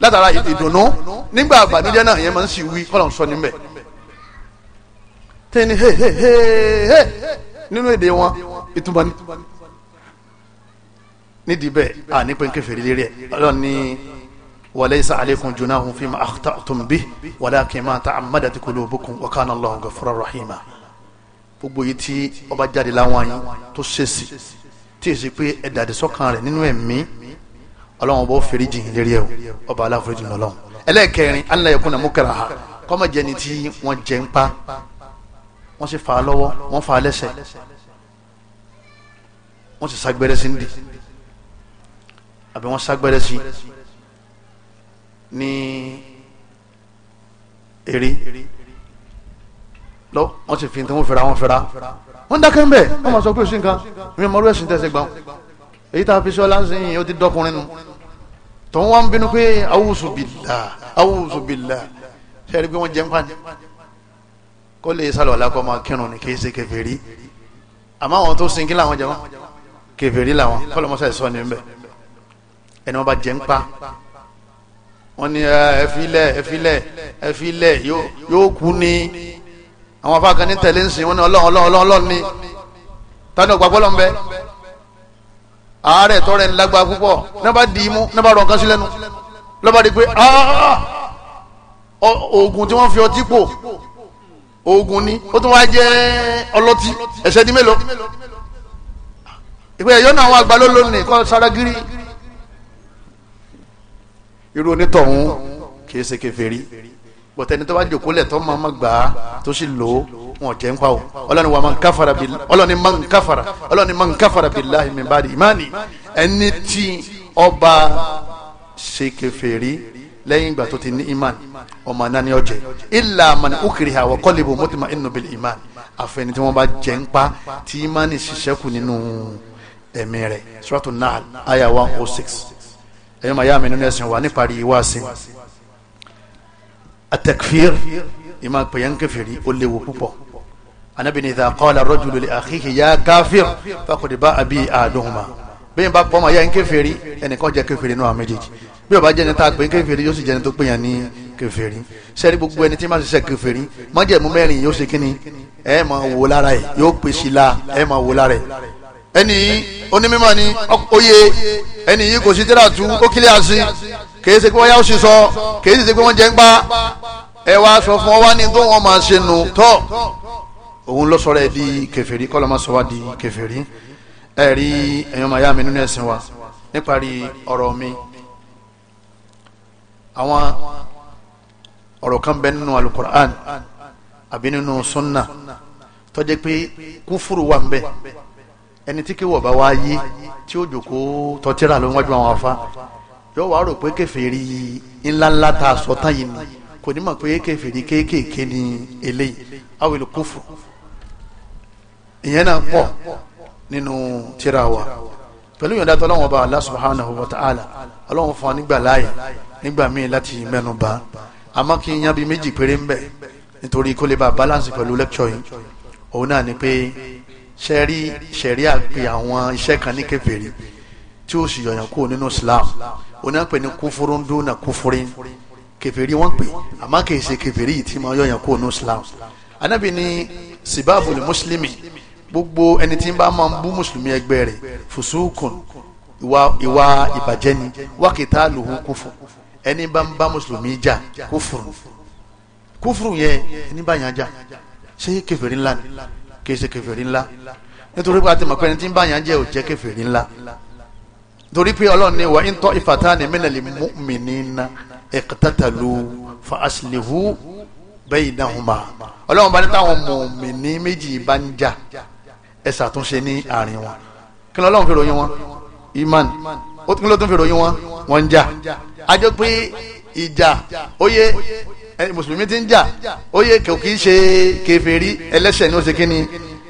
látara ìdùnnú nígbà àbànújẹ́ náà yẹn máa ń sì wí kọlọn sọ níbẹ̀ tẹni he he he he nínú èdè wọn ìtumọ̀ ni nídìí bẹ́ẹ̀ à ní pé ń kẹfẹ́ rí lérí ẹ ọlọ́run ni. وليس عليكم junahun فيما أخطأتم به ولكن ما تعمدت قلوبكم وكان الله Allahu ghafuran rahima gbogbo yìí tí ọba jáde láwọn yìí tó ṣèṣì tí èsì pé ẹ̀dàdì sọ́kàn rẹ̀ nínú ẹ̀mí ọlọ́run ọba ó fèrè jìn lérí ẹ̀ o ọba aláforí jìn lọ́lọ́run ẹlẹ́ẹ̀kẹrin Allah yakuna mukraha kọ́mọ tí wọ́n jẹ ń pa wọ́n sì fà lọ́wọ́ wọ́n fà lẹ́sẹ̀ wọ́n sì ságbẹ́rẹ́ sí ń dì àbí wọ́n ságbẹ́rẹ́ sí ní eré lọ wọ́n sì fi tí wọ́n fira wọ́n fira wọ́n ń dákẹ́ ń bẹ̀ wọ́n máa sọ pé òsín kan mi mọ́rú ẹ̀sìn tẹ̀sẹ̀ gbà èyí tá a fi sọ láǹsìn ó ti dọ́kùnrin nu tòun wá ń bínú pé awúsù bìlà awúsù bìlà ṣe é rí pé wọ́n jẹ́ ń pàdé kó lè sálọ̀ lákọ́ máa kírun ní kí í ṣe kèfèrí àmọ́ àwọn tó sin kí làwọn jẹ́ wọn kèfèrí làwọn kọ́lọ́mọṣẹ́ sọ ní bẹ́ẹ̀ ẹni wọ́n bá jẹ́ ń pa wọ́n ní ah, ẹ̀fílẹ̀ ẹ̀fílẹ̀ ẹ̀fílẹ̀ yóò kú ní àwọn afáàkan ní tẹ̀lé ń sìn wọ́n ní ọlọ́run ọlọ́run ọlọ́run ni tani ògbà gbọ́lọ́ ń bẹ ààrẹ tọrẹ ń lágbá púpọ̀ náà bá di imú náà bá rọ nǹkan sí lẹ́nu lọ́ba di pé ah, ah, oògùn tí wọ́n fi ọtí pò oògùn ni ó tún wá jẹ́ ọlọ́tí ẹ̀sẹ̀ di mélòó ìpè ẹ̀yọ́ náà wà gbà lólónìí kọ́ sára gírí irú onítọ̀hún kìí ṣe kèfèrí bọ̀tẹ́ni tó bá jòkó lẹ̀ tó máa ma gbà á tó sì lò ó wọn jẹ́ ń pa o ọlọ́ni wa máa ń káfara bi ọlọ́ni máa ń káfara ọlọ́ni máa ń káfara billahi min ba'di imani ẹni tí ọba ṣe kèfèrí lẹ́yìn ìgbà tó ti ní iman ọmọ náà ni ó jẹ illa man ukriha wa qalbu mutma'innun bil àfẹni tí wọ́n bá jẹ́ ń pa tí imani ṣiṣẹ́kù nínú ẹ̀mí rẹ̀ Suratul Nahl aya one oh six ẹ̀yọ́ màá yá mi nínú ẹ̀sìn wa níparí ìwá sí atakfir ìmọ̀ pé yẹn ń kèfèrí ó léwu púpọ̀ anabi ni idha qala rajulu li akhihi ya kafir faqad ba'a bi ahaduhuma bí yẹn bá pọ́ màá yá ń kèfèrí ẹnìkan jẹ́ kèfèrí náà méjèèjì bí o bá jẹ́ni tá a pè ń kèfèrí yóò sì jẹ́ni tó pè ní kèfèrí sẹ́ni gbogbo ẹni tí máa ṣiṣẹ́ kèfèrí májẹ̀mú mẹ́rin yóò ṣe kíni ẹ̀ wò lára ẹ̀ yóò pèsè la ẹ̀ wò lára ẹ̀ ẹni yìí onímọ̀ ni oyè ẹni yìí kò sí tẹ́lá tú ó kílẹ̀ àṣì kì í ṣe pé wọ́n yá ó sì sọ kì í pé wọ́n jẹ́ ń gbá ẹ wá sọ fún ọ wá ní tó wọn máa ṣe nù tọ́ òun ló sọ̀rọ̀ ẹ̀ di kèfèrí kọ́ ló máa sọ wá di kèfèrí ẹ rí ẹ̀yàn máa yá mi nínú ẹ̀sìn wa níparí ọ̀rọ̀ mi àwọn ọ̀rọ̀ kan bẹ nínú alukur'an àbí nínú sunna tó jẹ́ pé kúfúrú wà ń bẹ ẹni tí kéwọ́ bá wá yé tí ó jòkó tọ́tíra ló ń wájú àwọn afá yóò wá rò pé kẹfìrí ńláńlá tá a sọ tán yìí ni kò ní mọ̀ pé kẹfìrí kéékèèké ni eléyìí awìlú kúfù ìyẹn náà pọ̀ nínú tíra wa pẹ̀lú ìyọ̀dá tó lọ́wọ́ bá Allah subhanahu wa ta'ala ọlọ́wọ́ fún wa nígbà láàyè nígbà míì láti mẹ́nu bá àmọ́ kí n yan bí méjì péré ń bẹ̀ nítorí kó lè bá balance pẹ̀lú lecture yìí òun náà ni pé sẹ́rí sẹ́ríà pé àwọn iṣẹ́ kan ní kèfèrí tí ó sì yọ̀yàn kúrò nínú Islam oníyàn pè ní kúfúrún dúnà kúfúrín kèfèrí wọ́n pè àmọ́ kìí ṣe kèfèrí yìí tí máa yọ̀yàn kúrò nínú Islam anábì ní sibabu lè mùsùlùmí gbogbo ẹni tí ń bá máa ń bú mùsùlùmí ẹgbẹ́ rẹ̀ fùsùkùn ìwà ìbàjẹ́ ni wákìtá lòun kúfù ẹni bá ń bá mùsùlùmí jà kúfùrù kúfùrù yẹn ẹni bá yàn jà ṣé kèfèrí ńlá ni kì í ṣe kèfèrí ńlá nítorí pé àti mọ̀ pé ẹni tí ń bá yàn jẹ́ ò jẹ́ kèfèrí ńlá torí pé ọlọ́run ní wa in ta'ifatani minal mu'minina iqtatalu fa aslihu baynahuma ọlọ́run bá ní táwọn mùmìnì méjì bá ń jà ẹ ṣàtúnṣe ní àárín wọn kí lọ́lọ́run fi ròyìn wọn iman ó tún ló tún fi ròyìn wọn wọ́n ń jà á jẹ́ pé ìjà ó yé mùsùlùmí ti ń jà ó yẹ kò kí í ṣe kèfèrí ẹlẹ́ṣẹ̀ ní oṣù kínní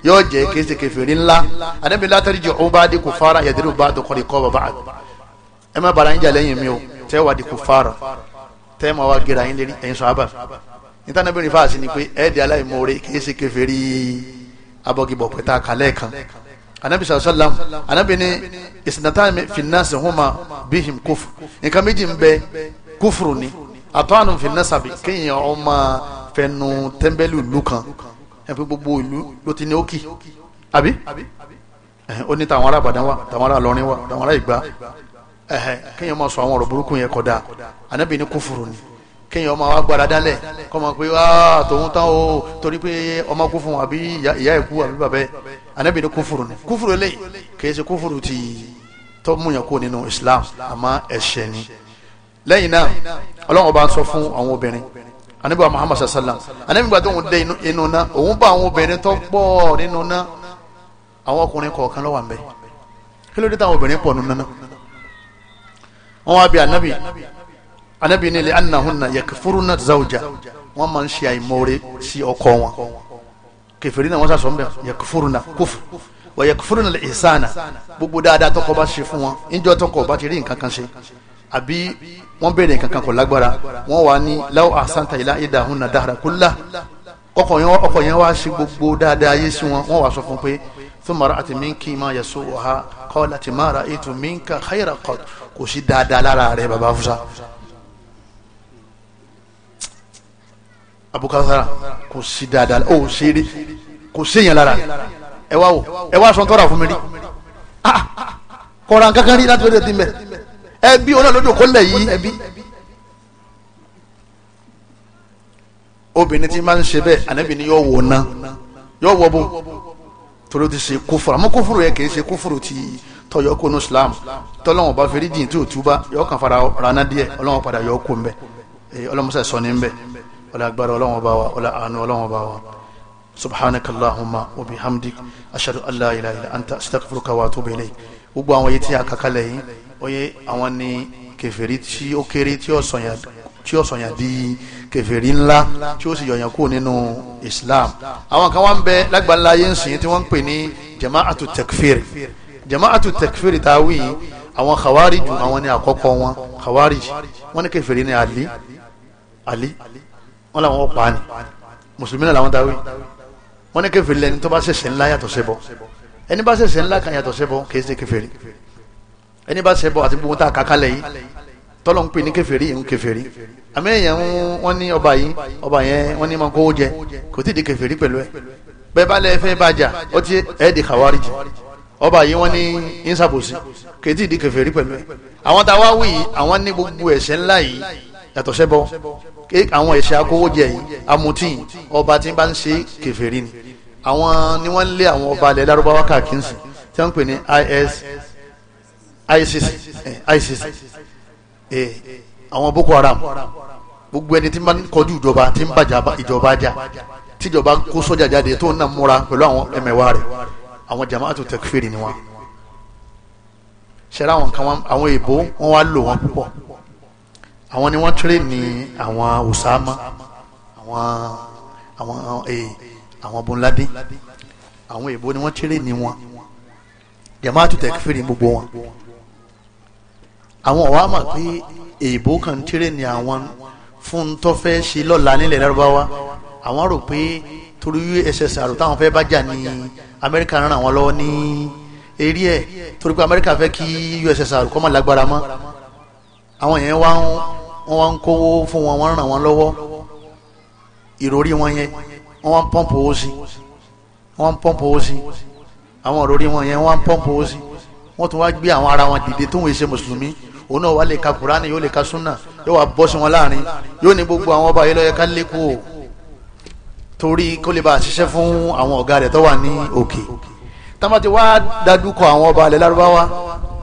yóò jẹ́ kí í ṣe kèfèrí ńlá àdébí látàrí jù ọ̀hún bá di kò fara yàtìrì bá dọ̀kọ̀ lè kọ́ bàbá ẹ má bara ń jà lẹ́yìn mi o tẹ́ wà di kò fara tẹ́ ma wá gera yín lérí ẹ̀yin sọ abà nítànàbìnrin fáàsì ni pé ẹ̀ di aláìmoore kì í ṣe kèfèrí abọ́gibọ̀ pẹ̀ta kàlẹ́ kan anabi sallam anabi ni ìsìnàtà finnas huma bihim kufur nǹkan méjì ń bẹ kufuru ni àtọ́nù fi nẹ́sàbí kéèyàn ọmọ fẹnu tẹ́ḿbẹ́lì ìlú kan ẹ fi gbogbo ìlú ló ti ní ókì àbí ó ní tàwọn ará àbàdàn wa tàwọn ará lọrin wa tàwọn ará ìgbà kéèyàn máa sọ àwọn ọ̀rọ̀ burúkú yẹn kódà ànábì ní kúfùrù ni kéèyàn ọmọ wa gbára dálẹ̀ kọ́ mọ̀ pé wá tòun tán o torí pé ọmọ kú fún àbí ìyá ẹ̀kú àbí bàbẹ́ anábìíní kúfùrù ni kúfùrù lè kìí ṣe kúfùrù ti tọ́múyàn kó nínú Islam àmọ́ ẹ̀ṣẹ̀ ni lẹ́yìn náà ọlọ́run ọba sọ fún àwọn obìnrin anabi wa muhammad sallam anabi gba tó ń dé inú ná òun bá àwọn obìnrin tó pọ̀ nínú ná àwọn ọkùnrin kọ̀ọ̀kan ló wà ńbẹ̀ kí ló dé táwọn obìnrin pọ̀ nínú ná wọn wá bí anabi anabi ní ilé annahunna yakfuruna zawja wọn máa ń ṣe àìmọ̀ọ́rẹ́ sí ọkọ wọn kẹfìrí náà wọn sàṣọ ń bẹ yakfuruna kúfù wọ yakfuruna lè ìsànà gbogbo dáadáa tọkọ bá ṣe fún wọn ìjọ tọkọ bá ti rí nǹkan kan ṣe àbí wọ́n bèrè kankan kò lágbára wọ́n wà ní láwọ́ àsántà ìlà ìdá hunna dahra kulla ọkọ̀ yẹn wá sí gbogbo dáadáa yé sí wọn wọ́n wà sọ fún pé thumma ra'at minki ma yasu'uha qalat ma ra'aytu minka khayra qat kò sí dáadáa lára rẹ̀ bàbá fúsa. abukasara kò sí dáadáa ó ṣeré kò séèyàn lára ẹ wá wò ẹ wá sọ tọ́ra fún mi rí ah, ah, ah, kọ́ra kankan rí láti wọ́n ti mẹ́ ẹbí ọ̀nà lódò kó lẹ̀ yìí obìnrin tí máa ń ṣe bẹ́ẹ̀ ànábì ni yóò wọ̀ ná yóò wọ̀ bó torí o ti ṣe kófòrò àmọ́ kófòrò yẹ kì í ṣe kófòrò ti tọyọ kó nu Islam tọ́lọ́wọ́n bá fẹ́rí jìn tí ò túbá yọ kàn fara rana díẹ̀ ọlọ́wọ́n padà yọ kó nbẹ ọlọ́mọṣẹ́ sọ ní nbẹ ọlọ́ agbára ọlọ́wọ́n bá wa ọlọ́ àánú ọlọ́wọ́n bá wa subhanakallahumma wa bihamdik ashhadu an la ilaha anta astaghfiruka wa atubu ilayk gbogbo àwọn yìí tí a kàkálẹ̀ yìí oye àwọn ni kèfèrí tí ó kéré tí ó sọ̀yàn tí ó sọ̀yàn di kèfèrí ńlá tí ó sì yọ̀yàn kú nínú Islam àwọn kan wá ń bẹ lágbàlá ayé ń sìn tí wọ́n ń pè ní jama'atu tekfir jama'atu tekfir ta wí àwọn khawariju àwọn ni àkọ́kọ́ wọn khawarij wọ́n ní kèfèrí ní Ali Ali wọ́n làwọn ọ̀pá ni mùsùlùmí náà làwọn dáwé wọ́n ní kèfèrí lẹ́ni tó bá ṣẹ̀ṣẹ̀ ńlá yàtọ̀ ṣẹbọ ẹni bá ṣẹ̀ṣẹ̀ ńlá kan yàtọ̀ ṣẹbọ kì í ẹni bá ṣẹbọ àti gbogbo tá a kàkálẹ yìí tọlọ ń pè ní kèfèrí ń kèfèrí àmì èèyàn wọn ní ọba yìí ọba yẹn wọn ní máa kówó jẹ kò tí ì di kèfèrí pẹ̀lú ẹ bẹ́ẹ̀ bá lẹ fẹ́ bàjá ó ti ẹ di kàwárìjì ọba yìí wọn ní ìsàbòsí kò tí ì di kèfèrí pẹ̀lú ẹ àwọn tá a wá wí yìí àwọn ní gbogbo ẹ̀ṣẹ̀ ńlá yìí yàtọ̀ ṣẹbọ àwọn ẹ̀ṣẹ̀ akówójẹ yìí amutí ọba tí bá ń ṣe kèfèrí ni àwọn ni wọn lé àwọn ọba alẹ Lárúbáwá káàkiri tí wọn pè ní is ISIS eh, ISIS eh, àwọn Boko Haram gbogbo ẹni tí ń bá kọjú ìjọba tí ń bàjá ìjọba jà tíjọba kó sọ́jà jáde tó ń nà múra pẹ̀lú àwọn ẹ̀mẹ̀wá rẹ̀ àwọn jamaatu tẹkfiri ni wọn ṣẹlẹ àwọn kan àwọn èèbó wọn wá lò wọn púpọ̀ àwọn ni wọn tẹrẹ ní àwọn Usama àwọn àwọn ee eh, àwọn bunladi àwọn èèbó ni wọn tẹrẹ ní wọn jamaatu tẹkfiri gbogbo wọn àwọn ọ̀wá mà pé èèbó kan tírẹ̀ ní àwọn fún tó fẹ́ ṣe lọ́la nílẹ̀ lárúbáwá àwọn rò pé torí USSR táwọn fẹ́ bá jà ní Amẹ́ríkà ràn àwọn lọ́wọ́ ní eré ẹ̀ torí pé Amẹ́ríkà fẹ́ kí USSR kó má lágbára mọ́ àwọn yẹn wá ń wá ń kówó fún wọn wọ́n ràn wọ́n lọ́wọ́ ìròrí wọn yẹn wọ́n wá ń pọ́ǹpù owó sí wọ́n ń pọ́ǹpù owó sí àwọn ìròrí wọn yẹn wọ́n ń pọ́ǹpù owó sí wọ́n tún wá gbé àwọn ara wọn dìde tó ń wèé ṣe mùsùlùmí òun náà wà lè ka kùránì yóò lè ka súnà yóò wà bọ́ sí wọn láàrin yóò ní gbogbo àwọn ọba yìí lọ́yẹ ká lékò torí kó lè bá ṣiṣẹ́ fún àwọn ọ̀gá rẹ̀ tó wà ní òkè táwọn ti wá dadúkọ àwọn ọba alẹ́ lárúbáwá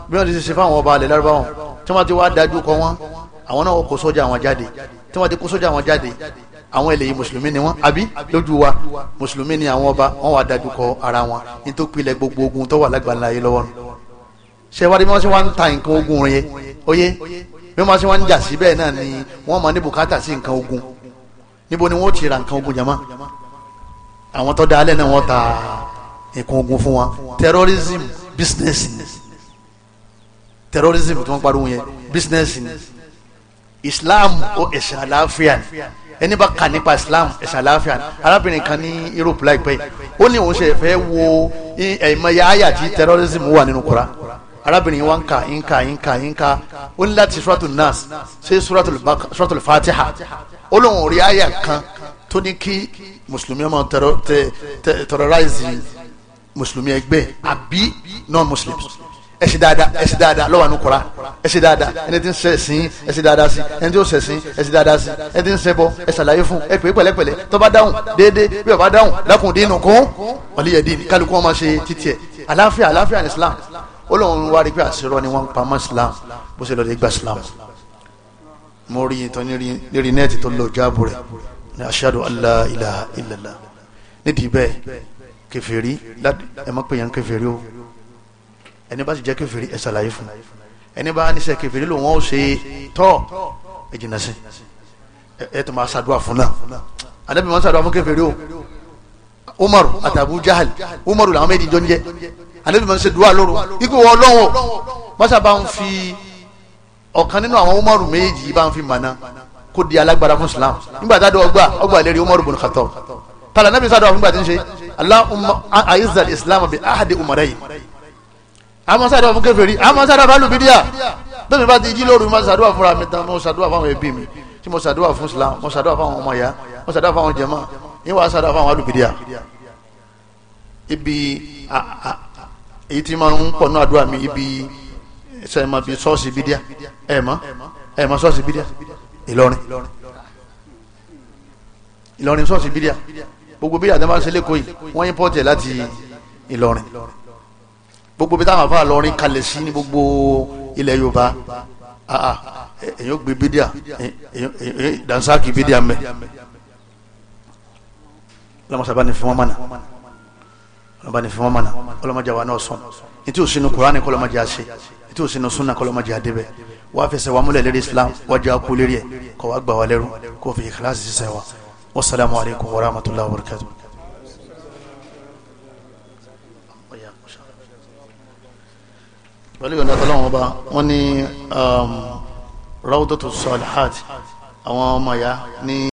bí wọ́n ti ṣe fún àwọn ọba alẹ́ lárúbáwá tí wọ́n ti wá dadúkọ wọn àwọn náà kó sójà wọn jáde tí ti kó sójà wọn jáde àwọn eléyìí mùsùlùmí ni wọn àbí lójú wa mùsùlùmí ni àwọn ọba wọn wà dájú ara wọn ní pilẹ̀ gbogbo ogun tó wà lágbàlá yìí lọ́wọ́ nù ṣe wá dé bí wọ́n ṣe wá ń ta nǹkan ogun rẹ̀ oyé bí wọ́n ṣe wá ń jà sí bẹ́ẹ̀ náà ni wọ́n máa ní bùkátà sí nǹkan ogun níbo ni wọ́n ti ra nǹkan ogun jama àwọn tó dá alẹ́ náà wọ́n ta nǹkan ogun fún wa terrorism business ni terrorism tí wọ́n pariwo yẹn business ni islam ó ẹ̀sìn àlàáfíà ni ẹni bá kà nípa islam ẹ̀sìn àlàáfíà ni arábìnrin kan ní europe láìpẹ́ yìí ó ní òun ṣe fẹ́ wo ẹ̀mọ̀ya àyà tí terrorism wà nínú kura arábìnrin wa ń ka ń ka ń ka ń ka ó ní láti suratul nas ṣe suratul fatiha ó lóun ò rí àyà kan tó ní kí mùsùlùmí ọmọ terrorize mùsùlùmí ẹgbẹ́ àbí non-muslims ẹ ṣe dáadáa ẹ ṣe dáadáa lọ́wọ́ àánú kura ẹ ṣe dáadáa ẹni tí ń ṣe ẹ̀sìn ẹ ṣe dáadáa sí ẹni tí ó ṣe ẹ̀sìn ẹ ṣe dáadáa sí ẹni tí ń ṣe bọ ẹ ṣàlàyé fún ẹ pè é pẹ̀lẹ́pẹ̀lẹ́ tó bá dáhùn déédéé bí ó bá dáhùn lákùndín nìkún wàlíyẹ̀dín kálukú wọn máa ṣe títí ẹ̀ àlàáfíà àlàáfíà ní Islam ó lóun wá rí pé àṣírọ́ ni wọ́n ń pamọ́ islam bó ṣe lọ́ọ́ lè gba islam mo rí ìtàn lérí nẹ́ẹ̀tì tó lọ jáàbù rẹ̀ ní ashadu alla ilaha illallah nídìí bẹ́ẹ̀ kẹfẹ́rí ẹ má pè yàn kẹfẹ́rí o ẹni bá sì jẹ́ kẹfẹ́rí ẹ ṣàlàyé fún ẹni bá níṣẹ́ kẹfẹ́rí lòun ó ṣe tọ́ ẹ jìnnà sí ẹ tó máa ṣàdúrà fún náà anábì máa ṣàdúrà fún kẹfẹ́rí o umaru àtàbù umaru làwọn méjì jọ ń jẹ anabi máa ń ṣe dùwà lóru ikú wọ ọlọ́wọ́ mọ́sá bá fi ọ̀kan nínú àwọn umaru méjì bá fi mana, kó di alágbára fún islam nígbà tá a dọ̀ ọgbà ọgbà lérí umaru bùn kàtọ́ tala anabi sádọ̀ fún gbàtí ń ṣe allahumma aizal islam bi ahadi umarayi àmọ́ sádọ̀ fún kèfèrí àmọ́ sádọ̀ fún alubidiya bẹ́ẹ̀ mi bá ti jí lóru mo sàdúrà fúnra mi tán mo sàdúrà fáwọn ẹbí mi tí mo sàdúrà fún islam mo sàdúrà fáwọn ọmọ ya mo sàdúrà fáwọn jàmá ìwà sàdúrà fáwọn alubidiya ibi èyí tí máa ń pọ̀ náà àdúrà mi ibi sẹ́yìnmá bíi sọ́ọ̀sì bídíà ẹ̀ẹ̀mọ́ ẹ̀ẹ̀mọ́ sọ́ọ̀sì bídíà ìlọrin ìlọrin sọ́ọ̀sì bídíà gbogbo bídíà tó máa ń ṣe lẹ́kọ̀ọ́ yìí wọ́n import ẹ̀ láti ìlọrin gbogbo bí táwọn afáà lọrin kalẹ̀ sí ní gbogbo ilẹ̀ yorùbá èyàn gbé bídíà dansaki bídíà mẹ́ lọ́mọ sábà ní fún wọn mọ́nà ọba ní fífọ́n mọ́nà ọlọ́mọdé wa náà sùn ètí ò sínú kuraani kọlọ́mọdé àṣẹ ètí ò sínú sunna kọlọ́mọdé àdébẹ̀ wà á fẹsẹ̀ wà múlẹ̀ lérí islam wájà kú lérí ẹ̀ kọ́ wá gbà wá lẹ́rú kó fi ìkíláàsì sísẹ̀ wa wasalaamu alaykum wa rahmatulahi wa barakatuh. pẹ̀lú ìyọ̀nda tọ́lọ́wọ́n ọba wọ́n ní um, rawdatu salihat àwọn ọmọ ya ní.